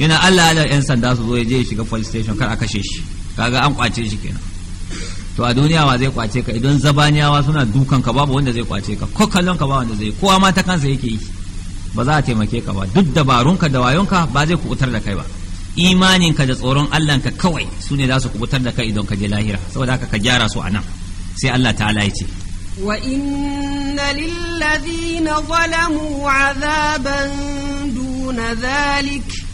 yana Allah ala yan sanda su zo ya je shiga police station kar a kashe shi kaga an kwace shi kenan to a duniya wa zai kwace ka idan zabaniyawa suna dukan ka babu wanda zai kwace ka ko kallon ka ba wanda zai kowa ma ta kansa yake yi ba za a taimake ka ba duk dabarunka da wayonka ba zai kubutar da kai ba imaninka da tsoron ka kawai su ne za su kubutar da kai idan ka je lahira saboda haka ka gyara su a nan sai Allah ta'ala ya ce وإن للذين ظلموا عذابا دون ذلك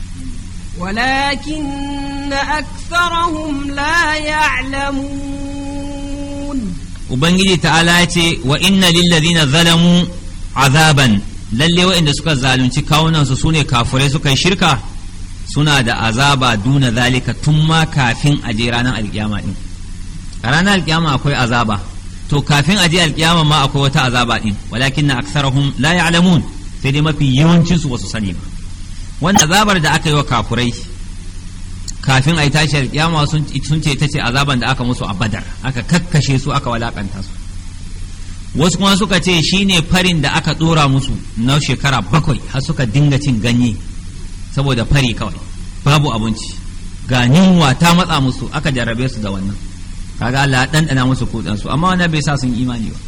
ولكن أكثرهم لا يعلمون وبنجي تعالى وإن للذين ظلموا عذابا lalle waɗanda suka zalunci kawunansu su ne kafurai suka yi shirka suna da azaba duna zalika tun ma kafin a je ranar alkiyama ɗin a ranar alkiyama akwai azaba to kafin a je alkiyama ma akwai wata azaba ɗin walakin na la sai dai mafi yawancinsu ba su sani ba wanda azabar da aka yi wa kafurai kafin a yi tashiyar kiyama sun ce ta ce azaban da aka musu a badar aka kakkashe su aka walakanta su wasu kuma suka ce shi ne farin da aka dora musu na shekara bakwai har suka dinga cin ganye saboda fari kawai babu abinci ga yunwa ta matsa musu aka jarrabe su da wannan kaga Allah ya dandana musu kudansu amma wannan bai sa sun imani ba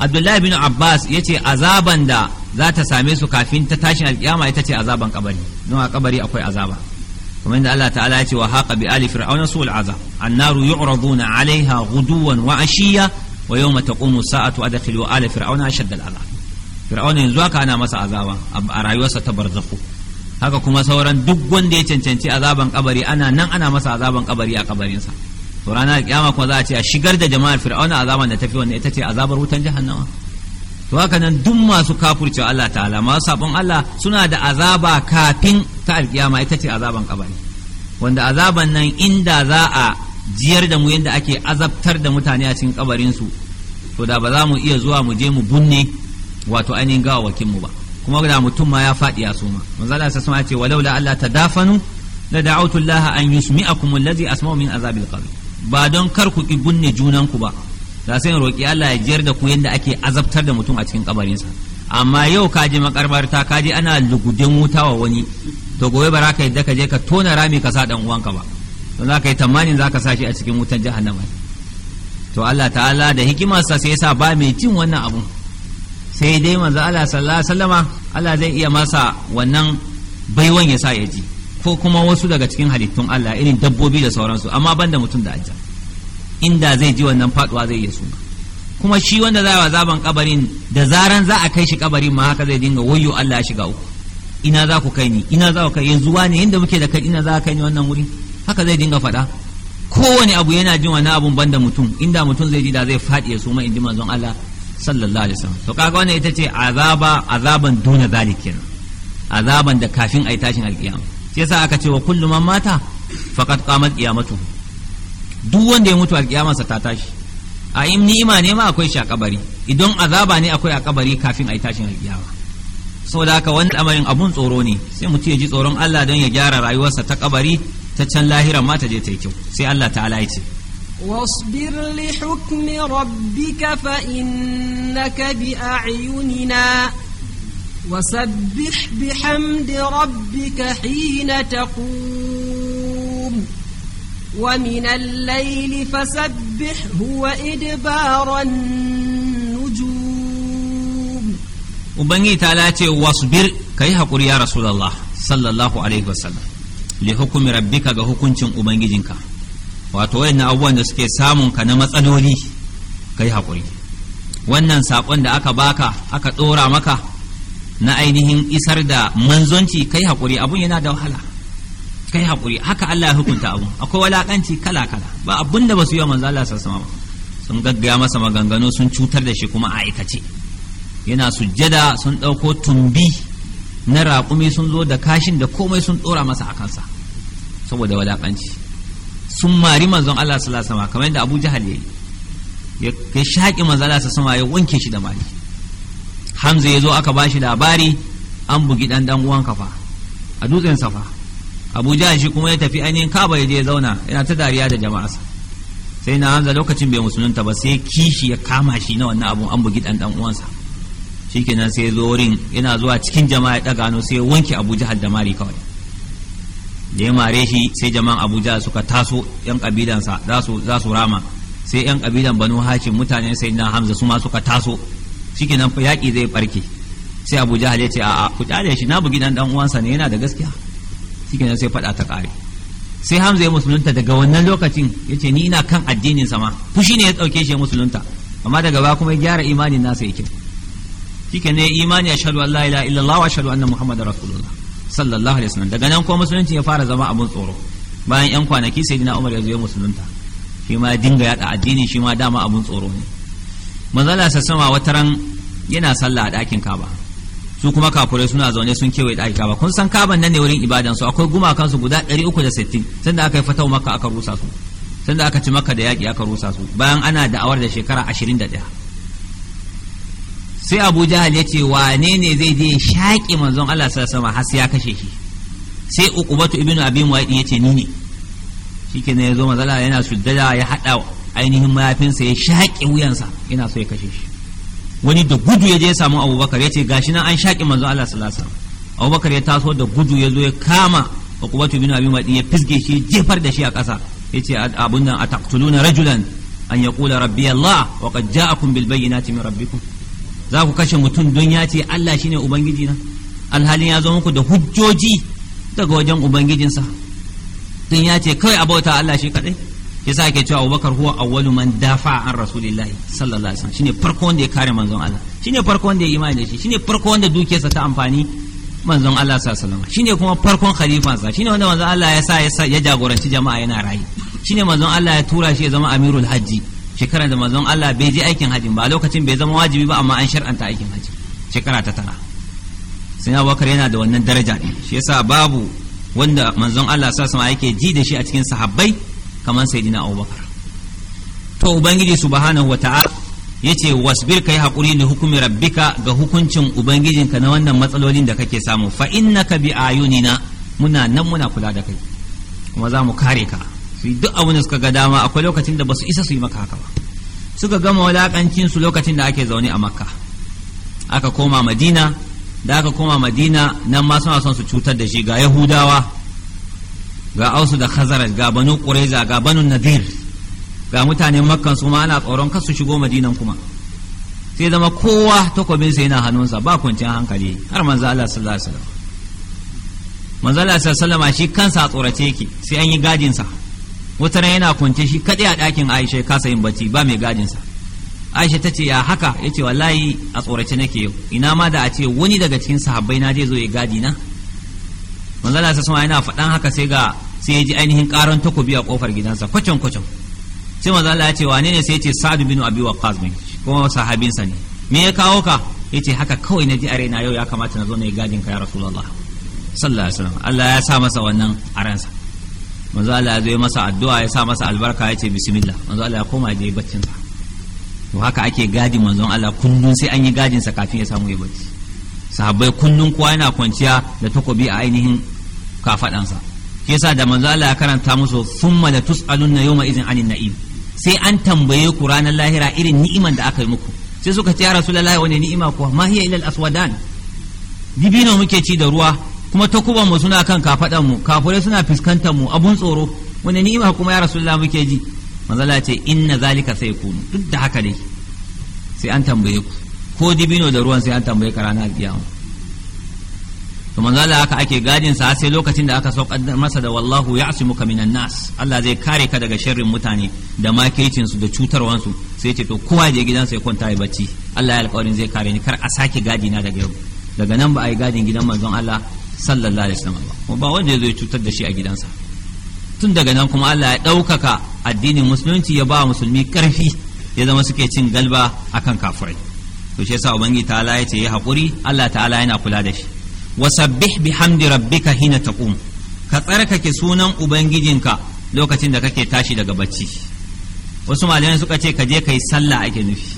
abdullahi bin abbas ya ce azaban da za ta same su kafin ta tashin alkiyama ita ce azaban kabari don a kabari akwai azaba kuma inda Allah ta'ala ya ce wa haqa bi ali fir'auna su'ul azab annaru na alaiha guduwan wa 'ashiyya wa mata taqumu sa'atu adkhilu ala fir'auna ashadda al'azab fir'auna yanzu haka ana masa azaba a rayuwarsa ta barzakhu haka kuma sauran duk wanda ya cancanci azaban kabari ana nan ana masa azaban kabari a kabarinsa to ranar kiyama kuma za a ce a shigar da jama'ar fir'auna azaban da tafi wannan ita ce azabar wutan jahannama to haka nan duk masu kafurcewa Allah ta'ala masu sabon Allah suna da azaba kafin ta alkiyama ita ce azaban kabari wanda azaban nan inda za a jiyar da mu yadda ake azabtar da mutane a cikin kabarin su to da ba za mu iya zuwa mu je mu bunne wato ainihin gawawakin mu ba kuma da mutum ma ya faɗi ya suma manzo Allah sai ce walaula Allah tadafanu la da'awtu an yusmi'akum allazi asma'u min azabil qabr ba don kar ku ki bunne junanku ba da sai roƙi Allah ya jiyar da ku yadda ake azabtar da mutum a cikin kabarinsa amma yau ka je makarbarta ka je ana lugudin wuta wa wani to gobe ba ka yadda ka je ka tona rami ka sa dan uwanka ba to za ka yi tamanin za ka sa shi a cikin wutan jahannama to Allah ta'ala da hikimarsa sai sa ba mai cin wannan abu sai dai manzo Allah sallallahu alaihi wasallama Allah zai iya masa wannan baiwan ya sa ya ji ko kuma wasu daga cikin halittun Allah irin dabbobi da sauransu amma banda mutum da ajja inda zai ji wannan faduwa zai iya suna kuma shi wanda za a zaban kabarin da zaran za a kai shi kabarin ma haka zai dinga wayo Allah ya shiga uku ina za ku kai ni ina za ku kai yanzu wani inda muke da kai ina za ka kai ni wannan wuri haka zai dinga faɗa kowane abu yana jin wani abun banda mutum inda mutum zai ji da zai fadi ya suma in ji manzon Allah sallallahu alaihi wasallam to kaga wannan ita ce azaba azaban duna zalikin azaban da kafin ai tashin alkiyama sai sa aka ce wa kullu man mata faqad qamat qiyamatu duk wanda ya mutu alkiyamarsa ta tashi a im ni'ima ne ma akwai shi a kabari idan azaba ne akwai a kabari kafin a yi tashin alkiyama saboda haka wani amarin abun tsoro ne sai mutum ya ji tsoron Allah don ya gyara rayuwarsa ta kabari ta can lahira ma ta je ta yi kyau sai Allah ta'ala ya ce واصبر لحكم ربك فإنك بأعيننا وسبح بحمد ربك حين تقوم ومن الليل فسبحه وإدبار النجوم وبني تعالى واصبر كي هقول يا رسول الله صلى الله عليه وسلم لحكم ربك كحكم أبني جنك wato wayannan abubuwan da suke samun ka na matsaloli kai haƙuri wannan saƙon da aka baka aka ɗora maka na ainihin isar da manzonci kai hakuri abun yana da wahala kai hakuri haka Allah ya hukunta abun akwai walakanci kala kala ba abun da basu yi wa manzo Allah sallallahu alaihi wasallam sun gaggaya masa maganganu sun cutar da shi kuma a aikace yana sujjada sun ɗauko tumbi na raƙumi sun zo da kashin da komai sun ɗora masa a kansa saboda walaƙanci sun mari manzon Allah sallallahu alaihi wasallam kamar yadda Abu Jahal yayi ya shaƙi manzon Allah sallallahu alaihi wasallam ya wanke shi da mali. hamza ya zo aka bashi labari an bugi dan dan uwan kafa a dutsen safa abu jahal shi kuma ya tafi ainihin kaba ya je ya zauna yana ta dariya da sa sai na hamza lokacin bai musulunta ba sai kishi ya kama shi na wannan abun an bugi dan dan uwansa shikenan sai zo wurin yana zuwa cikin jama'a ya daga hannu sai ya wanke abu jahal da mari kawai da ya mare shi sai jama'an abu jahal suka taso yan kabilansa za su rama sai yan kabilan banu hashim mutanen sai na hamza su ma suka taso nan yaƙi zai barke sai abu jahal ya ce a'a ku kyale shi na bugi nan dan uwansa ne yana da gaskiya nan sai faɗa ta ƙare sai hamza ya musulunta daga wannan lokacin ya ce ni ina kan addinin sama fushi ne ya ɗauke shi ya musulunta amma daga ba kuma ya gyara imanin nasa yake shike ne imani a an la ilaha illallah wa shaɗu annan Muhammadu rasulullah sallallahu alaihi wasallam daga nan ko musulunci ya fara zama abun tsoro bayan yan kwanaki sai dina umar ya zo ya musulunta shi ma dinga yada addini shi ma dama abun tsoro ne manzala sa sama ran yana sallah a ɗakin kaba su kuma kafurai suna zaune sun kewaye ɗakin kaba kun san kaban nan ne wurin ibadan su akwai gumakan su guda 360 sanda aka yi fatau maka aka rusa su sanda aka ci maka da yaƙi aka rusa su bayan ana da'awar da shekara 21 sai abu jahal ya ce wane ne zai je shaƙi manzon allah sa sama har sai ya kashe shi sai uqubatu ibnu abi mu'ayyid ya ce ni ne ne ya zo manzala yana shuddada ya haɗa ainihin mayafinsa ya shaƙe wuyansa ina so ya kashe shi wani da gudu ya je ya samu abubakar ya ce gashi nan an shaƙe manzo Allah salasa abubakar ya taso da gudu ya zo ya kama uqbatu bin abi madi ya fisge shi jefar da shi a ƙasa ce abun nan ataqtuluna rajulan an yaqula rabbi Allah wa qad ja'akum bil bayyinati min rabbikum za ku kashe mutum don ya ce Allah shine ubangiji na alhalin ya zo muku da hujjoji daga wajen ubangijinsa don ya ce kawai abauta Allah shi kadai yasa ake cewa Abubakar huwa awwalu man dafa an rasulillahi sallallahu alaihi wasallam shine farko wanda ya kare manzon Allah shine farko wanda ya imani shi shine farko wanda dukiyarsa ta amfani manzon Allah sallallahu alaihi wasallam shine kuma farkon Khalifa khalifansa shine wanda manzon Allah ya sa ya jagoranci jama'a yana rayu shine manzon Allah ya tura shi ya zama amirul hajji shekara da manzon Allah bai je aikin hajji ba lokacin bai zama wajibi ba amma an shar'anta aikin hajji shekara ta tara sai Abubakar yana da wannan daraja shi yasa babu wanda manzon Allah sallallahu alaihi wasallam yake ji da shi a cikin sahabbai kamar sayyidina abubakar to ubangiji subhanahu wata'ala yace wasbir kai hakuri ne hukumi rabbika ga hukuncin ubangijinka na wannan matsalolin da kake samu fa innaka bi ayunina muna nan muna kula da kai kuma za mu kare ka su duk abin da suka ga dama akwai lokacin da ba isa su yi maka haka ba suka gama wulakancin su lokacin da ake zaune a makka aka koma madina da aka koma madina nan ma suna son su cutar da shi ga yahudawa ga ausu da khazaraj ga banu qurayza ga banu nadir ga mutanen makkan su ma ana tsoron kar su shigo madinan kuma sai zama kowa takobin sa yana hannunsa ba kwanciyar hankali har manzo Allah sallallahu alaihi wasallam manzo Allah sallallahu alaihi wasallam shi kansa tsorace yake sai an yi gadin sa wata yana kwance shi kadai a dakin Aisha ya kasa yin bacci ba mai gadin sa Aisha ta ce ya haka yace wallahi a tsorace nake yau ina ma da a ce wani daga cikin sahabbai na zai zo ya gadi na manzala sa sama yana faɗan haka sai ga sai ya ji ainihin ƙaran takobi a ƙofar gidansa kwacin kwacin sai manzala ya ce wane ne sai ya ce sa'ad bin abi waqqas ne kuma sahabinsa ne me ya kawo ka yace haka kawai na ji a raina yau ya kamata na zo na yi gadin ka ya rasulullah sallallahu alaihi wasallam Allah ya sa masa wannan a ransa manzo Allah ya zo masa addu'a ya sa masa albarka ya ce bismillah manzo Allah ya koma je baccin sa to haka ake gadin manzon Allah kullun sai an yi gadin sa kafin ya samu ya bacci sahabbai kullum kowa yana kwanciya da takobi a ainihin kafadansa ke sa da manzo Allah ya karanta musu summa la tusaluna yawma idhin anin na'im sai an tambaye ku ranar lahira irin ni'iman da aka yi muku sai suka ce ya rasulullahi wani ni'ima kuwa ma hiya ila aswadan dibino muke ci da ruwa kuma takuban mu suna kan kafadan mu kafurai suna fuskantar mu abun tsoro wani ni'ima kuma ya rasulullahi muke ji manzo Allah ya ce inna zalika kunu duk da haka dai sai an tambaye ku ko dibino da ruwan sai an tambaye ka ranar alkiyama to manzo Allah haka ake gadin sa sai lokacin da aka saukar masa da wallahu ya'simuka minan nas Allah zai kare ka daga sharrin mutane da makircin su da cutarwan su sai ce to kowa je gidansa ya kwanta ya bacci Allah ya alƙawarin zai kare ni kar a sake gadi na daga yau daga nan ba a yi gadin gidan manzon Allah sallallahu alaihi wasallam ba ba wanda zai cutar da shi a gidansa tun daga nan kuma Allah ya ɗaukaka addinin musulunci ya ba musulmi ƙarfi ya zama suke cin galba akan kafirai to shi yasa ubangi ta'ala ya ce yi haƙuri Allah ta'ala yana kula da shi wasabbih bihamdi rabbika hina taqum ka tsarkake sunan ubangijinka lokacin da kake tashi daga bacci wasu malamai suka ce ka je kai sallah ake nufi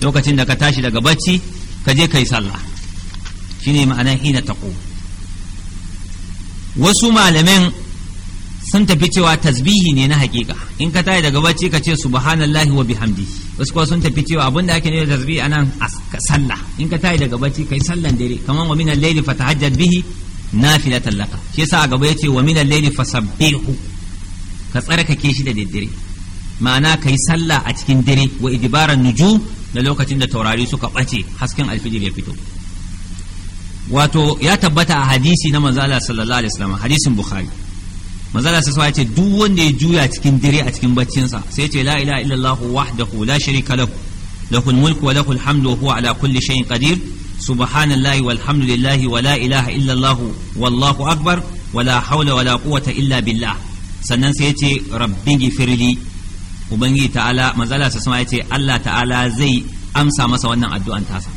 lokacin da ka tashi daga bacci ka je kai sallah shine ma'anar hina taqum wasu malamin sun tafi cewa tasbihi ne na hakika in ka tayi daga bacci ka ce subhanallahi wa bihamdi wasu kuwa sun tafi cewa abin da ake ne da tasbihi anan sallah in ka tayi daga bacci kai sallan dare kamar wa minal layli fatahajjad bihi nafilatan laka shi yasa a gaba yace wa minan minal layli fasabbihu ka tsarkake shi da daddare ma'ana kai sallah a cikin dare wa idibaran nuju da lokacin da taurari suka bace hasken alfijir ya fito wato ya tabbata a hadisi na manzo sallallahu alaihi wasallam hadisin bukhari manzala sai sai ce duk wanda ya juya cikin dire a cikin baccinsa sai ce la ilaha illallah wahdahu la sharika lahu lahul mulku wa lahul hamdu wa huwa ala kulli shay'in qadir subhanallahi walhamdulillahi wa la ilaha illallah wallahu akbar wa la hawla wa la quwwata illa billah sannan sai ce rabbi gifirli ubangiji ta'ala manzala sai sai ce Allah ta'ala zai amsa masa wannan addu'an tasa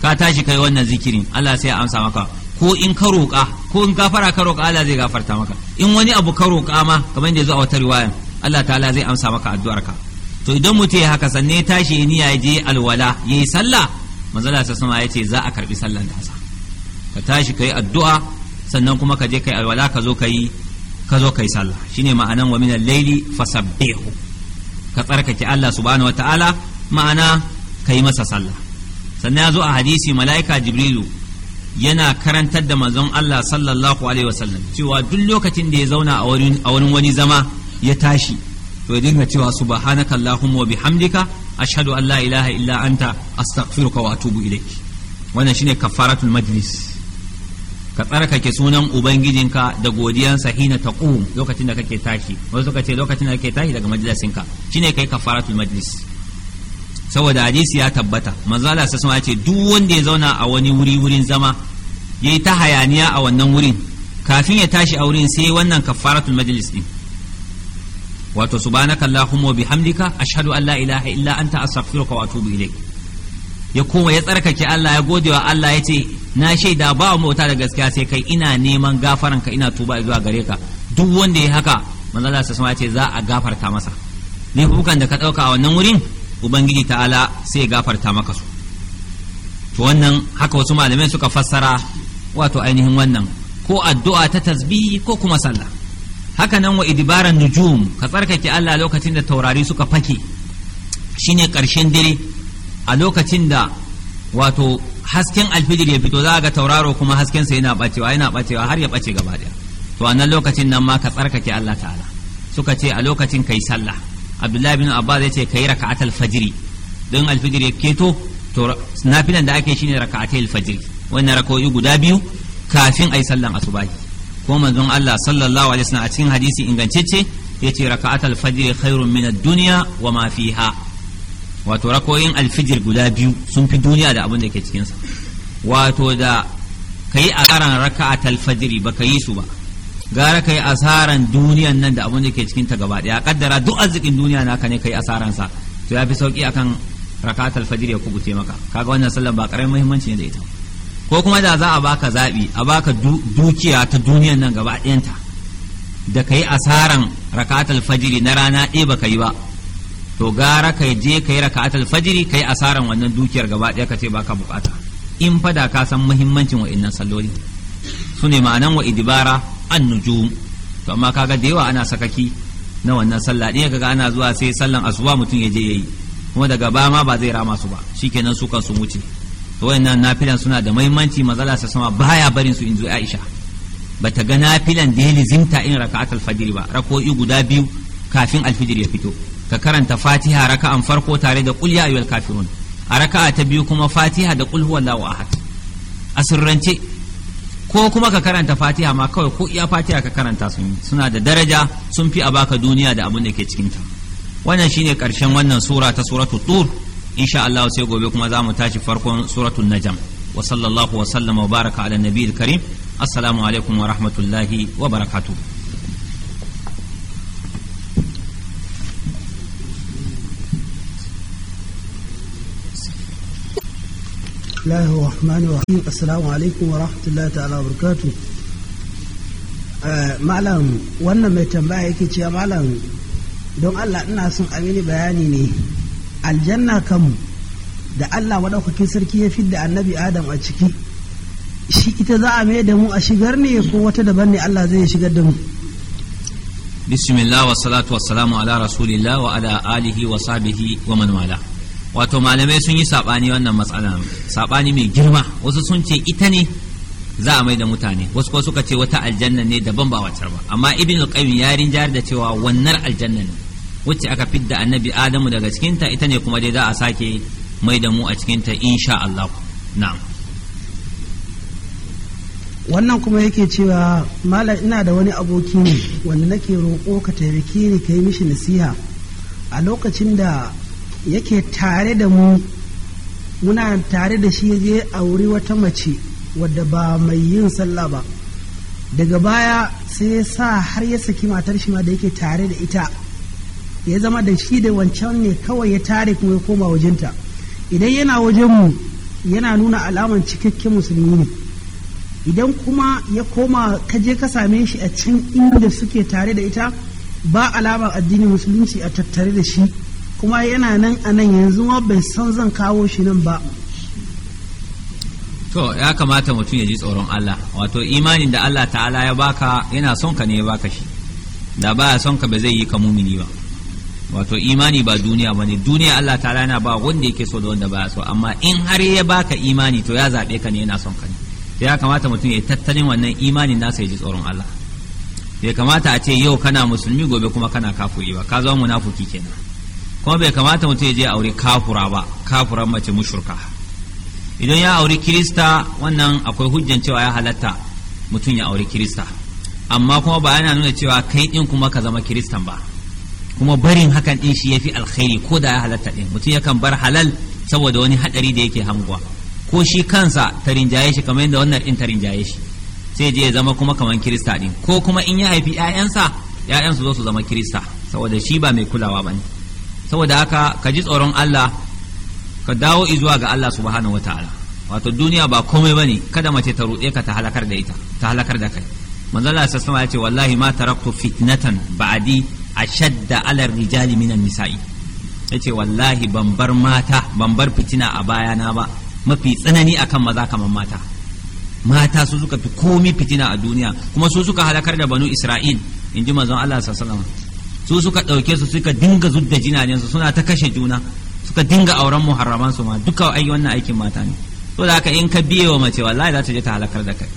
ka tashi kai wannan zikirin Allah sai ya amsa maka ko in ka roƙa ko in gafara ka roƙa Allah zai gafarta maka in wani abu ka roƙa ma kamar yadda zuwa wata riwaya Allah ta'ala zai amsa maka addu'arka to idan mutum ya haka sanne tashi ya niyya je alwala yayi sallah manzo Allah sama ya ce za a karbi sallar nasa ka tashi kai addu'a sannan kuma ka je kai alwala ka zo kai ka zo kai sallah shine ma'anan wa min al-laili fasabbihu ka tsarkake Allah subhanahu wataala ma'ana kai masa sallah sannan ya zo a hadisi mala'ika jibrilu yana karantar da manzon Allah sallallahu alaihi wasallam cewa duk lokacin da ya zauna a wurin wani zama ya tashi to ya dinga cewa subhanaka allahumma wa bihamdika ashhadu an la ilaha illa anta astaghfiruka wa atubu ilayk wannan shine kafaratul majlis ka tsarkake sunan ubangijinka da godiyansa hina taqum lokacin da kake tashi wasu suka ce lokacin da kake tashi daga majalisinka shine kai kafaratul majlis saboda hadisi ya tabbata manzo Allah sai ya ce duk wanda ya zauna a wani wuri wurin zama ya yi ta hayaniya a wannan wurin kafin ya tashi a wurin sai wannan kafaratul majalis din wato subhanaka allahumma bihamdika ashhadu an la ilaha illa anta astaghfiruka wa atubu ilaik ya koma ya tsarkake Allah ya gode wa Allah ya ce na shaida ba mota da gaskiya sai kai ina neman gafaranka ina tuba zuwa gare ka duk wanda ya haka manzo Allah sai ce za a gafarta masa ne laifukan da ka dauka a wannan wurin ubangiji ta'ala sai ya gafarta maka su to wannan haka wasu malamai suka fassara wato ainihin wannan ko addu'a ta tasbihi ko kuma sallah haka nan wa idibaran nujum ka tsarkake Allah lokacin da taurari suka fake shine ƙarshen dare a lokacin da wato hasken alfijir ya fito za ga tauraro kuma hasken sa yana bacewa yana bacewa har ya bace gaba daya to a nan lokacin nan ma ka tsarkake Allah ta'ala suka ce a lokacin kai sallah Abdullahi bin Abbas ya ce kai raka'atul fajiri don alfijir ya keto to nafilan da ake shine raka'atul fajiri wannan rako'i guda biyu kafin ayi sallan asubahi ko manzon Allah sallallahu alaihi wasallam a cikin hadisi ingantacce yace raka'atul fajr khairun min ad-dunya wa ma fiha wato rakoyin alfijir guda biyu sun fi duniya da abin da ke cikinsa wato da kayi asaran raka'atul fajr ba ka yi su ba gara kai asaran duniyan nan da abin da ke cikin ta gaba daya kaddara duk arzikin duniya naka ne kai asaran sa to yafi sauki akan rakatul fajr ya kubuce maka kaga wannan sallan ba karamin muhimmanci ne da ita ko kuma da za a baka zaɓi a baka dukiya ta duniyan nan gaba ɗayanta da ka yi asaran rakatul fajiri na rana ɗaya ka yi ba to gara ka je ka yi fajiri ka yi asaran wannan dukiyar gaba ɗaya ka ce baka bukata in fada ka san muhimmancin wa'innan salloli su ne ma'anan wa idibara an nujum to amma kaga da yawa ana sakaki na wannan sallah ɗaya kaga ana zuwa sai sallan asuba mutum ya je ya yi. kuma daga ba ma ba zai rama su ba shikenan su kan su wuce to wayannan nafilan suna da muhimmanci mazala sa sama baya barin su inzu Aisha bata ga nafilan da ya lizimta in raka'at al-fajr ba rako'i guda biyu kafin al-fajr ya fito ka karanta fatiha raka'an farko tare da qul ya ayyuhal kafirun a raka'a ta biyu kuma fatiha da qul huwallahu ahad sirrance ko kuma ka karanta fatiha ma kawai ko iya fatiha ka karanta sun suna da daraja sun fi a baka duniya da abin da ke ta wannan shine karshen wannan sura ta suratul tur insha Allah sai gobe kuma za mu tashi farkon suratul najam wa sallallahu wa sallama wa baraka ala nabiyil karim assalamu alaikum wa rahmatullahi wa barakatuh الله الرحمن الرحيم السلام عليكم ورحمة الله تعالى وبركاته malam wannan mai tambaya yake cewa malam don Allah ina son amini bayani ne aljanna kanmu da Allah maɗaukakin sarki ya fidda annabi adam a ciki shi ita za a mai da mu a shigar ne ko wata daban ne Allah zai shigar da mu bismillah wa salatu wa salamu ala rasulillah wa ala alihi wa sahbihi wa man wala wato malamai sun yi sabani wannan matsala sabani mai girma wasu sun ce ita ne za a mai da mutane wasu kuma suka ce wata aljanna ne daban ba wacce ba amma ibn al-qayyim ya rinjar da cewa wannan aljanna ne wacce aka fidda annabi adamu daga cikinta ita ne kuma dai za a sake mai da mu a cikinta insha Allah na'am wannan kuma yake cewa malam ina da wani aboki ne wanda nake roƙo ka taimake ni ka yi mishi nasiha a lokacin da yake tare da mu muna tare da shi je a wuri wata mace wadda ba mai yin sallah ba daga baya sai ya sa har ya saki matar shi ma da yake tare da ita ya zama da shi da wancan ne kawai ya tare kuma ya koma wajenta idan yana wajen mu yana nuna alaman cikakken musulmi ne idan kuma ya koma ka je ka same shi a can inda suke tare da ita ba alamar addinin musulunci a tattare da shi kuma yana nan a nan yanzu ma bai san zan kawo shi nan ba to ya kamata mutum ya ji tsoron Allah wato imanin da Allah ta'ala ya baka yana son ka ne ya baka shi da baya son ka ba zai yi ka mumini ba wato imani ba duniya bane duniya Allah ta'ala yana ba wanda yake so da wanda ba so amma in har ya baka imani to ya zabe ka ne yana son ka ne ya kamata mutum ya tattalin wannan imani nasa ya ji tsoron Allah ya kamata a ce yau kana musulmi gobe kuma kana kafuri ba ka zama munafuki kenan kuma bai kamata mutum ya je aure kafura ba kafuran mace mushurka idan ya auri kirista wannan akwai hujjan cewa ya halatta mutum ya auri kirista amma kuma ba yana nuna cewa kai din kuma ka zama kiristan ba kuma barin hakan din shi yafi alkhairi ko da ya halatta din mutum yakan bar halal saboda wani hadari da yake hamguwa ko shi kansa ta rinjaye shi kamar yadda wannan din ta rinjaye shi sai je ya zama kuma kamar kirista din ko kuma in ya haifi ƴaƴansa ƴaƴansu zo su zama kirista saboda shi ba mai kulawa bane saboda haka ka ji tsoron Allah ka dawo izuwa ga Allah subhanahu wataala wato duniya ba komai bane kada mace ta ruɗe ka ta halakar da ita ta halakar da kai manzo Allah sallallahu alaihi wasallam ya ce wallahi ma taraktu fitnatan ba'di ashadda alar rijali minan nisa'i yace wallahi ban bar mata ban bar fitina a bayana ba mafi tsanani akan maza kamar mata mata su suka fi komi fitina a duniya kuma su suka halakar da banu isra'il in ji manzon Allah sallallahu su suka ɗauke su suka dinga zudda jinanen suna ta kashe juna suka dinga auren muharraman su ma duka ai wannan aikin mata ne to da haka in ka biye wa mace wallahi za ta je ta halakar da kai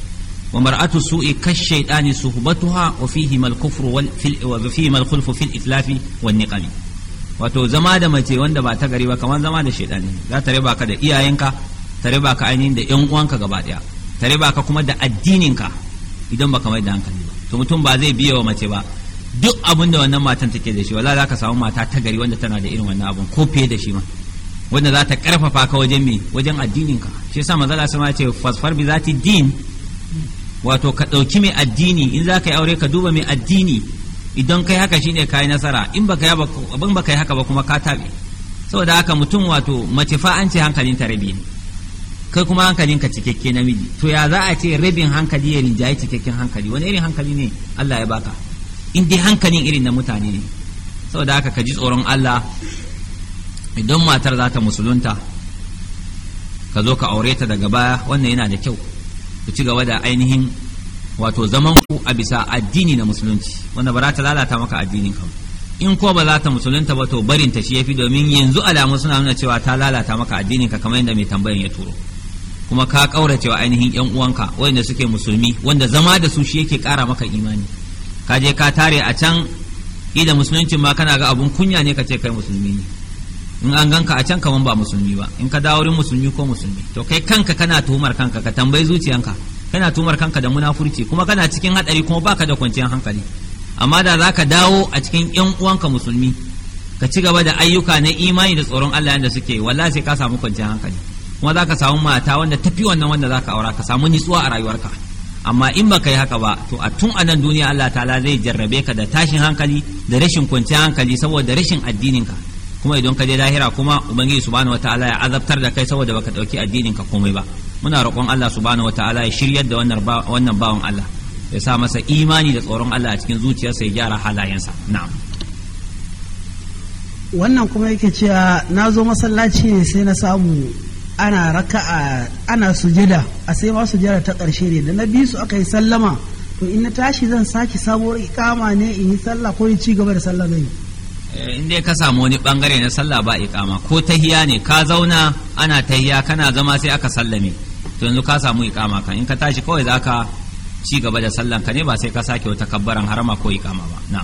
ومرأة السوء كالشيطان صحبتها وفيهما الكفر وفيهما الخلف في الإتلاف والنقم wato zama da mace wanda ba ta gari ba kamar zama da shaidani za ta riba ka da iyayenka ta riba ka ainihin da yan uwanka gaba daya ta riba ka kuma da addininka idan ba kamar da hankali ba to mutum ba zai biya wa mace ba duk abin da wannan matan take da shi wala za ka samu mata ta gari wanda tana da irin wannan abun ko fiye da shi ma wanda za ta karfafa ka wajen me wajen addininka shi yasa manzala sama ya ce fasfar bi zati din wato ka ɗauki mai addini in za ka yi aure ka duba mai addini idan kai haka shine ka yi nasara in baka yi abin baka yi haka ba kuma ka taɓe saboda haka mutum wato mace fa an ce hankalin ta rabi ne kai kuma hankalin ka cikakke namiji to ya za a ce rabin hankali ya rinjaye cikakken hankali wani irin hankali ne Allah ya baka in dai hankalin irin na mutane ne saboda haka ka ji tsoron Allah idan matar za ta musulunta ka zo ka aure ta daga baya wannan yana da kyau ku ci gaba da ainihin wato zaman ku a bisa addini na musulunci wanda ba ta lalata maka addinin ka in ko ba za ta musulunta ba to barin ta shi yafi domin yanzu alamu suna nuna cewa ta lalata maka addinin ka kamar yadda mai tambayan ya turo kuma ka kaura cewa ainihin yan uwanka wanda suke musulmi wanda zama da su shi yake kara maka imani ka je ka tare a can idan musulunci ma kana ga abun kunya ne ka ce kai musulmi ne in an ganka a can kaman ba musulmi ba in ka dawo wurin musulmi ko musulmi to kai kanka kana tuhumar kanka ka tambayi zuciyanka kana tuhumar kanka da munafurci kuma kana cikin hadari kuma baka da kwanciyar hankali amma da za ka dawo a cikin yan uwanka musulmi ka ci gaba da ayyuka na imani da tsoron Allah yadda suke wallahi sai ka samu kwanciyar hankali kuma za ka samu mata wanda tafi wannan wanda za ka aura ka samu nitsuwa a rayuwarka amma in baka yi haka ba to a tun a nan duniya Allah ta'ala zai jarrabe ka da tashin hankali da rashin kwanciyar hankali saboda rashin addininka ka kuma idan ka je lahira kuma ubangiji subhanahu wataala ya azabtar da kai saboda baka dauki addinin ka komai ba muna roƙon Allah subhanahu wataala ya shiryar da wannan wannan bawan Allah ya sa masa imani da tsoron Allah a cikin zuciyarsa ya gyara halayensa na'am wannan kuma yake cewa na zo masallaci ne sai na samu ana raka'a ana sujada a sai ma sujada ta ƙarshe ne da na bi su aka yi sallama to in na tashi zan sake sabuwar ikama ne in yi sallah ko in ci gaba da sallah gani. Eh, in dai ka samu wani bangare na sallah ba iqama ko tahiya ne ka zauna ana tahiya kana zama sai aka sallame to yanzu ka samu iqama kan in ka tashi kawai zaka ci gaba da sallan ka ne ba sai ka sake wata kabbaran harama ko iqama ba na.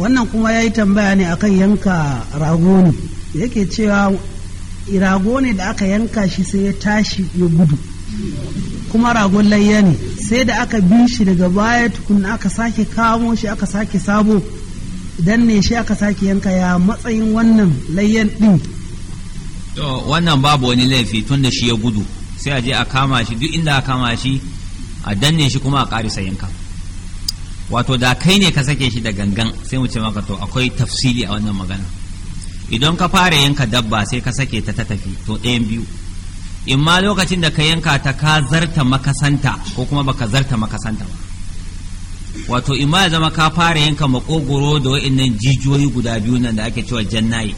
wannan kuma yayi tambaya ne akan yanka rago ne yake cewa rago ne da aka yanka shi sai ya tashi ya gudu kuma ragon layya ne sai da aka bi shi daga baya tukun aka sake kamo shi aka sake sabo idan ne shi aka sake yanka ya matsayin wannan layyan din to wannan babu wani laifi tun da shi ya gudu sai a je a kama shi duk inda a kama shi a danne shi kuma a karisa yanka wato da kai ne ka sake shi da gangan sai mu ce maka to akwai tafsiri a wannan magana idan ka fara yanka dabba sai ka sake ta ta tafi to ɗayan biyu in ma lokacin da ka yanka ta ka zarta makasanta ko kuma baka zarta makasanta ba wato imma ya zama ka fara yanka makogoro da wa'annan jijiyoyi guda biyu nan da ake cewa jannaye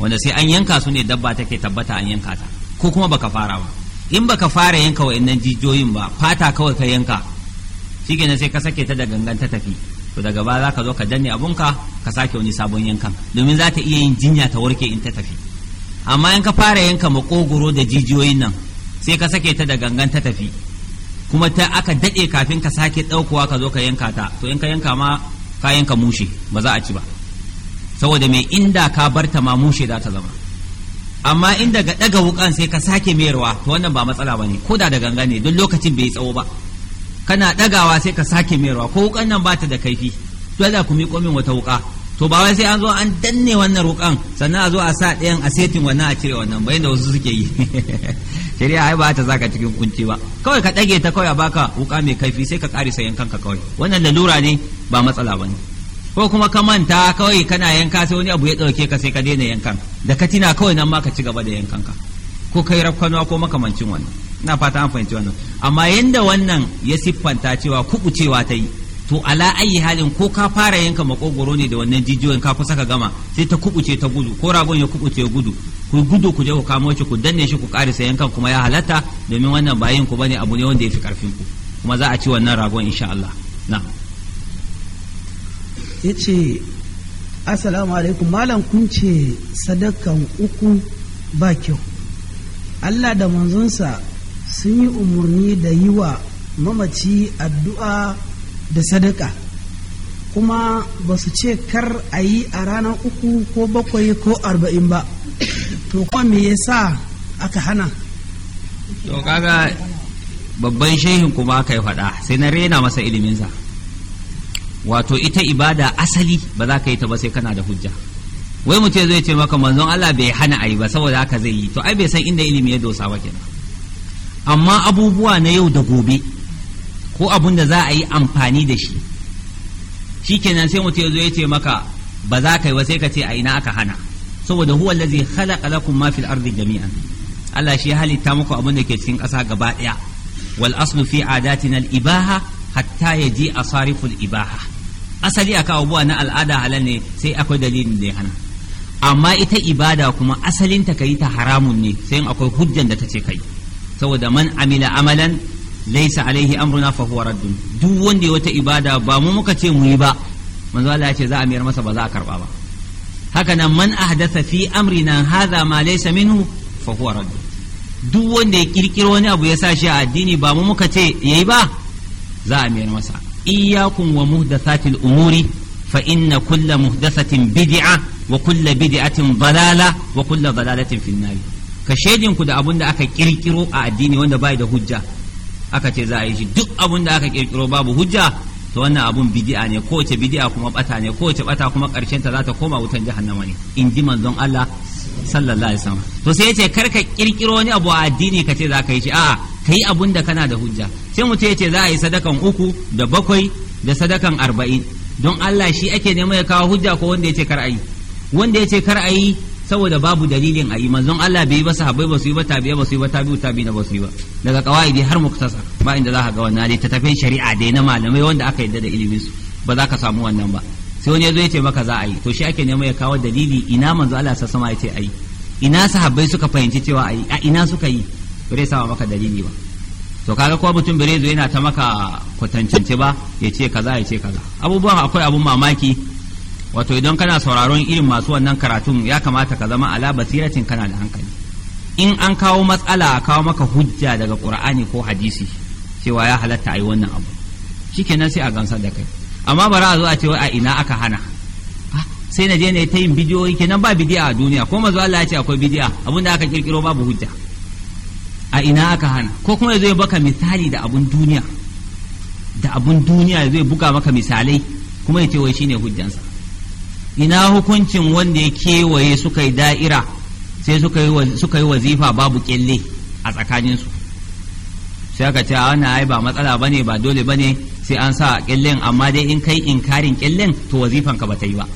wanda sai an yanka su ne dabba take tabbata an yanka ta ko kuma baka fara ba in baka fara yanka wa'annan jijiyoyin ba fata kawai ka yanka shikenan sai ka sake ta da gangan ta tafi to daga baya zaka zo ka danne abunka ka sake wani sabon yankan domin za ta iya yin jinya ta warke in ta tafi amma in ka fara yanka makogoro da jijiyoyin nan sai ka sake ta da gangan ta tafi kuma ta aka daɗe kafin ka sake ɗaukowa ka zo ka yanka ta to in ka yanka ma ka yanka mushe ba za a ci ba saboda mai inda ka barta ma mushe za ta zama amma in daga ɗaga wukan sai ka sake mayarwa to wannan ba matsala ba ne ko da ganga ne don lokacin bai tsawo ba kana ɗagawa sai ka sake mayarwa ko wukan nan ba ta da kaifi to za ku miƙo min wata wuka to ba wai sai an zo an danne wannan wukan sannan a zo a sa ɗayan a setin wannan a cire wannan bayan da wasu suke yi (laughs) shari'a ai ba ta zaka cikin kunci ba kawai ka dage ta kawai a baka wuka mai kaifi sai ka karisa yankan ka kawai wannan lalura ne ba matsala bane ko kuma ka manta kawai kana yanka sai wani abu ya dauke ka sai ka daina yankan da ka tina kawai nan ma ka ci gaba da yankan ka ko kai rafkanuwa ko makamancin wannan ina fata an fahimci wannan amma yanda wannan ya siffanta cewa kubucewa ta yi to ala ayi halin ko ka fara yanka makogoro ne da wannan jijiyoyin ka kusa ka gama sai ta kubuce ta gudu ko ragon ya kubuce gudu ku gudu ku je ku kamo shi ku danne shi ku karisa yankan kuma ya halatta domin wannan bayin ku bane abu ne wanda ya fi karfin ku kuma za a ci wannan ragon insha Allah na. yace assalamu alaikum malam kun ce sadakan uku ba kyau Allah da manzonsa sun yi umarni da yiwa mamaci addu'a da sadaka kuma ba su ce kar a yi a ranar uku ko bakwai ko arba'in ba to kuma me yasa aka hana to kaga babban shehin kuma aka yi faɗa sai na rena masa iliminsa wato ita ibada asali ba za ka yi ta ba sai kana da hujja wai mu ce zai ce maka manzon Allah bai hana a yi ba saboda haka zai yi to ai bai san inda ilimi ya dosa ba kenan amma abubuwa na yau da gobe ko abun da za a yi amfani da shi shi kenan sai mutum ya zo ya ce maka ba za ka yi ba sai ka ce a ina aka hana saboda huwa allazi khalaqa lakum ma fil ardi jami'an Allah shi halitta muku abin da ke cikin ƙasa gaba ɗaya wal aslu fi adatina al ibaha hatta yaji asariful ibaha asali aka abubuwa na al'ada halal ne sai akwai dalilin da ya hana amma ita ibada kuma asalin ta kai ta haramun ne sai akwai hujjan da ta ce kai saboda man amila amalan laisa alaihi amruna fa huwa raddun duk wanda ya wata ibada ba mu muka ce mu yi ba manzo Allah ya ce za a miyar masa ba za a karba ba haka nan man ahdasa fi amrina hadha ma laysa minhu fa huwa raddun duk wanda ya kirkiro wani abu ya sa shi a addini ba mu muka ce yayi ba za a miyar masa iyyakum wa muhdathatil umuri fa inna kulla muhdathatin bid'a wa kulla bid'atin dalala wa kulla dalalatin fin nar ka shedin ku da abun da aka kirkiro a addini wanda bai da hujja aka ce za a yi shi duk abun da aka kirkiro babu hujja to wannan abun bidi'a ne ko kowace bidi'a kuma bata ne ko wace bata kuma karshen ta za ta koma wutan jahannama ne in ji manzon Allah sallallahu alaihi wasallam to sai yace karka kirkiro wani abu a addini ka ce za ka yi shi a'a kai abun da kana da hujja sai mutum ce za a yi sadakan uku da bakwai da sadakan arba'in don Allah shi ake neman ya kawo hujja ko wanda yace kar a wanda yace kar ayi saboda babu dalilin a yi manzon Allah bai yi ba sahabbai ba su yi ba tabi'a ba su yi ba tabi'u tabi'ina ba su yi ba daga kawai har muktasa ba inda za ka ga wannan ne tattafin shari'a dai na malamai wanda aka yadda da ilimin su ba za ka samu wannan ba sai wani ya zo ya ce maka za a yi to shi ake neman ya kawo dalili ina manzon Allah sa sama ya ce ayi ina sahabbai suka fahimci cewa ayi a ina suka yi bare sama maka dalili ba to kaga ko mutum bare zo yana ta maka kwatancance ba ya ce kaza ya ce kaza abubuwan akwai abun mamaki wato idan kana sauraron irin masu wannan karatun ya kamata ka zama ala basiratin kana da hankali in an kawo matsala a kawo maka hujja daga qur'ani ko hadisi cewa ya halatta a yi wannan abu shikenan sai a gamsar da kai amma bara a zo a ce a ina aka hana sai na je ne ta yin bidiyoyi kenan ba bidiya a duniya ko mazu Allah ya ce akwai bidiya abinda aka kirkiro babu hujja a ina aka hana ko kuma yazo ya baka misali da abun duniya da abun duniya yazo buga maka misalai kuma ya ce wai shine hujjansa ina hukuncin wanda ya kewaye suka yi da'ira sai suka yi wazifa babu kyalle a tsakaninsu sai aka ce wannan ai ba matsala bane ba dole bane sai an sa kyallen amma dai in kai inkarin kyallen to wazifan ka bata yi ba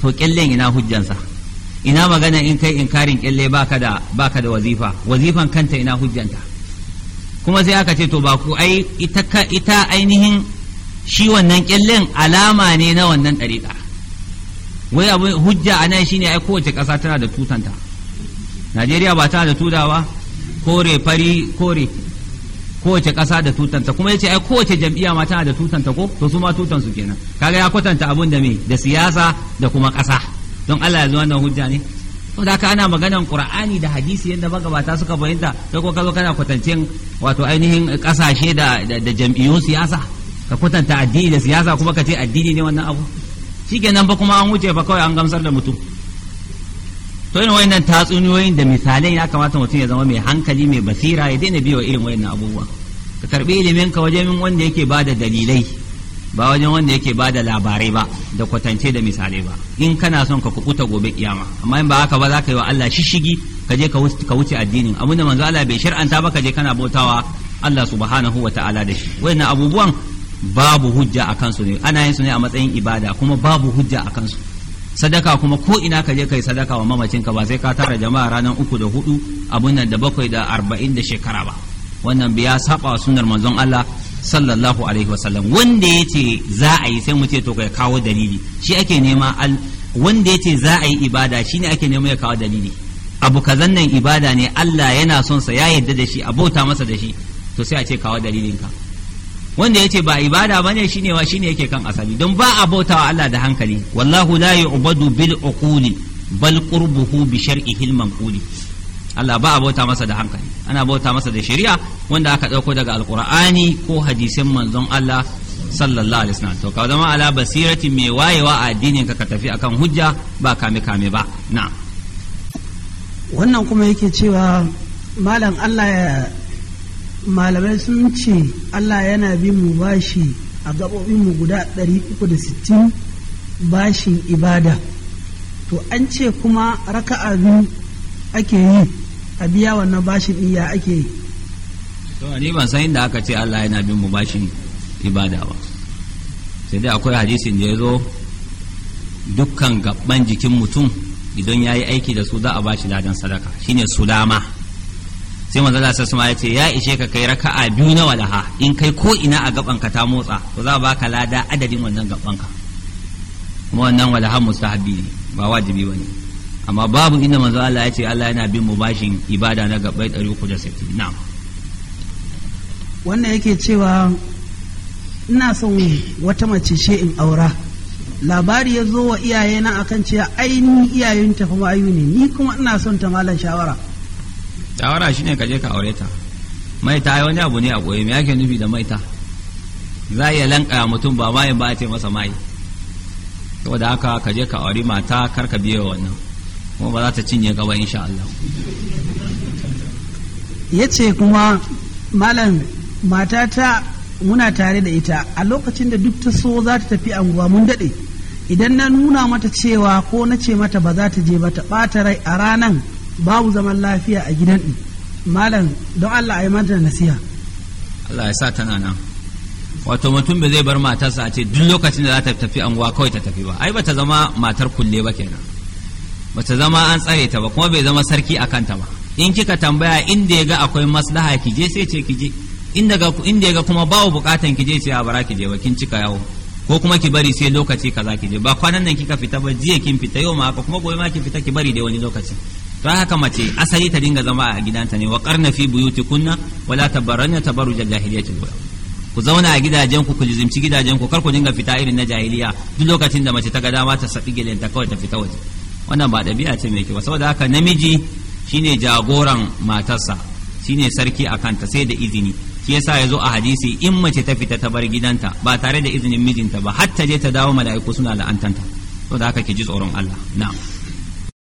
to kyallen ina hujjansa ina magana in kai inkarin kyalle baka da baka da wazifa wazifan kanta ina hujjanta kuma sai aka ce to ba ku ai ita ita ainihin shi wannan kyallen alama ne na wannan dariƙa wai abin hujja a nan shine ai kowace ƙasa tana da tutanta najeriya ba tana da tuta ba kore fari kore kowace ƙasa da tutanta kuma ya ce ai kowace jam'iyya ma tana da tutanta ko to su ma tutan su kenan kaga ya kwatanta abun da me da siyasa da kuma ƙasa don Allah ya zo wannan hujja ne to da ka ana maganan qur'ani da hadisi yadda magabata suka fahimta sai ko ka zo kana kwatancin wato ainihin ƙasashe da da jam'iyyun siyasa ka kwatanta addini da siyasa kuma ka ce addini ne wannan abu nan ba kuma an wuce fa kawai an gamsar da mutum to irin wayannan tatsuniyoyin da misalai ya kamata mutum ya zama mai hankali mai basira ya daina biyo irin wayannan abubuwa ka karbi ilimin ka wajen wanda yake bada dalilai ba wajen wanda yake bada labarai ba da kwatance da misalai ba in kana son ka kubuta gobe kiyama amma in ba haka ba za ka yi wa Allah shishigi ka je ka wuce addinin abinda manzo Allah bai shar'anta ba ka je kana bautawa Allah subhanahu wa ta'ala da shi wayannan abubuwan babu hujja a kansu ne ana yin su ne a matsayin ibada kuma babu hujja a kansu sadaka kuma ko ina ka je kai sadaka wa mamacinka ba sai ka tara jama'a ranar uku da hudu abun nan da bakwai da arba'in da shekara ba wannan biya saba sunar manzon Allah sallallahu alaihi wasallam wanda ya ce za a yi sai mu ce to kai kawo dalili shi ake nema wanda ya ce za a yi ibada shi ne ake nema ya kawo dalili abu kazan nan ibada ne Allah yana son sa ya yarda da shi abota masa da shi to sai a ce kawo dalilinka wanda ya ce ba ibada ba bane shine wa shine yake kan asali don ba a bauta bautawa Allah da hankali wallahu la ubadu bil uquli bal qurbuhu bi shar'ihil manquli Allah ba a bauta masa da hankali ana bauta masa da shari'a wanda aka dauko daga alqur'ani ko hadisin manzon Allah sallallahu alaihi wasallam to ka zama ala basirati mai wayewa a addinin ka ka tafi akan hujja ba kame kame ba na wannan kuma yake cewa malam Allah ya malamai sun ce Allah yana bi mu bashi a mu guda 360 bashin ibada to an ce kuma raka'a bi ake yi a biya wannan bashin iya ake yi to ni ban san inda aka ce Allah yana bin mu bashin ibada ba sai dai akwai hadisin da ya zo dukkan gaban jikin mutum idan ya yi aiki da su za a bashi ladan sadaka shine sulama sai manzo Allah sallallahu ya ce ya ishe ka kai raka'a biyu na walaha in kai ko ina a gaban ka ta motsa to za baka lada adadin wannan gaban ka kuma wannan walaha mustahabi ne ba wajibi bane amma babu inda manzo Allah ya ce Allah yana bin mubashin ibada na gabai 360 na'am wannan yake cewa ina son wata mace ce in aura labari ya zo wa iyayena akan cewa ainihin iyayen tafi ma'ayu ne ni kuma ina son ta malam shawara shawara shine ka je ka aure ta maita wani abu ne a koyi me yake nufi da maita za iya lanka mutum ba mai ba a ce masa mai saboda haka ka je ka aure mata kar ka biye wannan kuma ba za ta cinye gaba insha Allah ya ce kuma malam matata muna tare da ita a lokacin da duk ta so za ta tafi anguwa mun daɗe idan na nuna mata cewa ko na ce mata ba za ta je ba ta ɓata rai a ranan babu zaman lafiya a gidan ɗin malam don Allah a yi mata nasiha Allah ya sa tana nan wato mutum bai zai bar matarsa a ce duk lokacin da za ta tafi anguwa kawai ta tafi ba ai bata zama matar kulle ba kenan bata zama an tsare ta ba kuma bai zama sarki a kanta ba in kika tambaya inda ya ga akwai maslaha ki je sai ce ki je inda ya ga kuma babu bukatan ki je sai a bara ki je ba kin cika yawo ko kuma ki bari sai lokaci kaza ki je ba kwanan nan kika fita ba jiya kin fita yau ma haka kuma gobe ma ki fita ki bari dai wani lokaci don haka mace asali ta dinga zama a gidanta ne wa na fi kunna wala tabarranna tabarrujal jahiliyatil ula ku zauna a gidajen ku ku lizimci gidajen ku kar ku dinga fita irin na jahiliya duk lokacin da mace ta ga dama ta sabi gelen ta kawai ta fita waje wannan ba ɗabi'a ce mai kyau saboda haka namiji shine jagoran matarsa shine sarki a kanta sai da izini shi yasa ya zo a hadisi in mace ta fita ta bar gidanta ba tare da izinin mijinta ba har ta je ta dawo mala'iku suna la'antanta saboda haka ki ji tsoron Allah na'am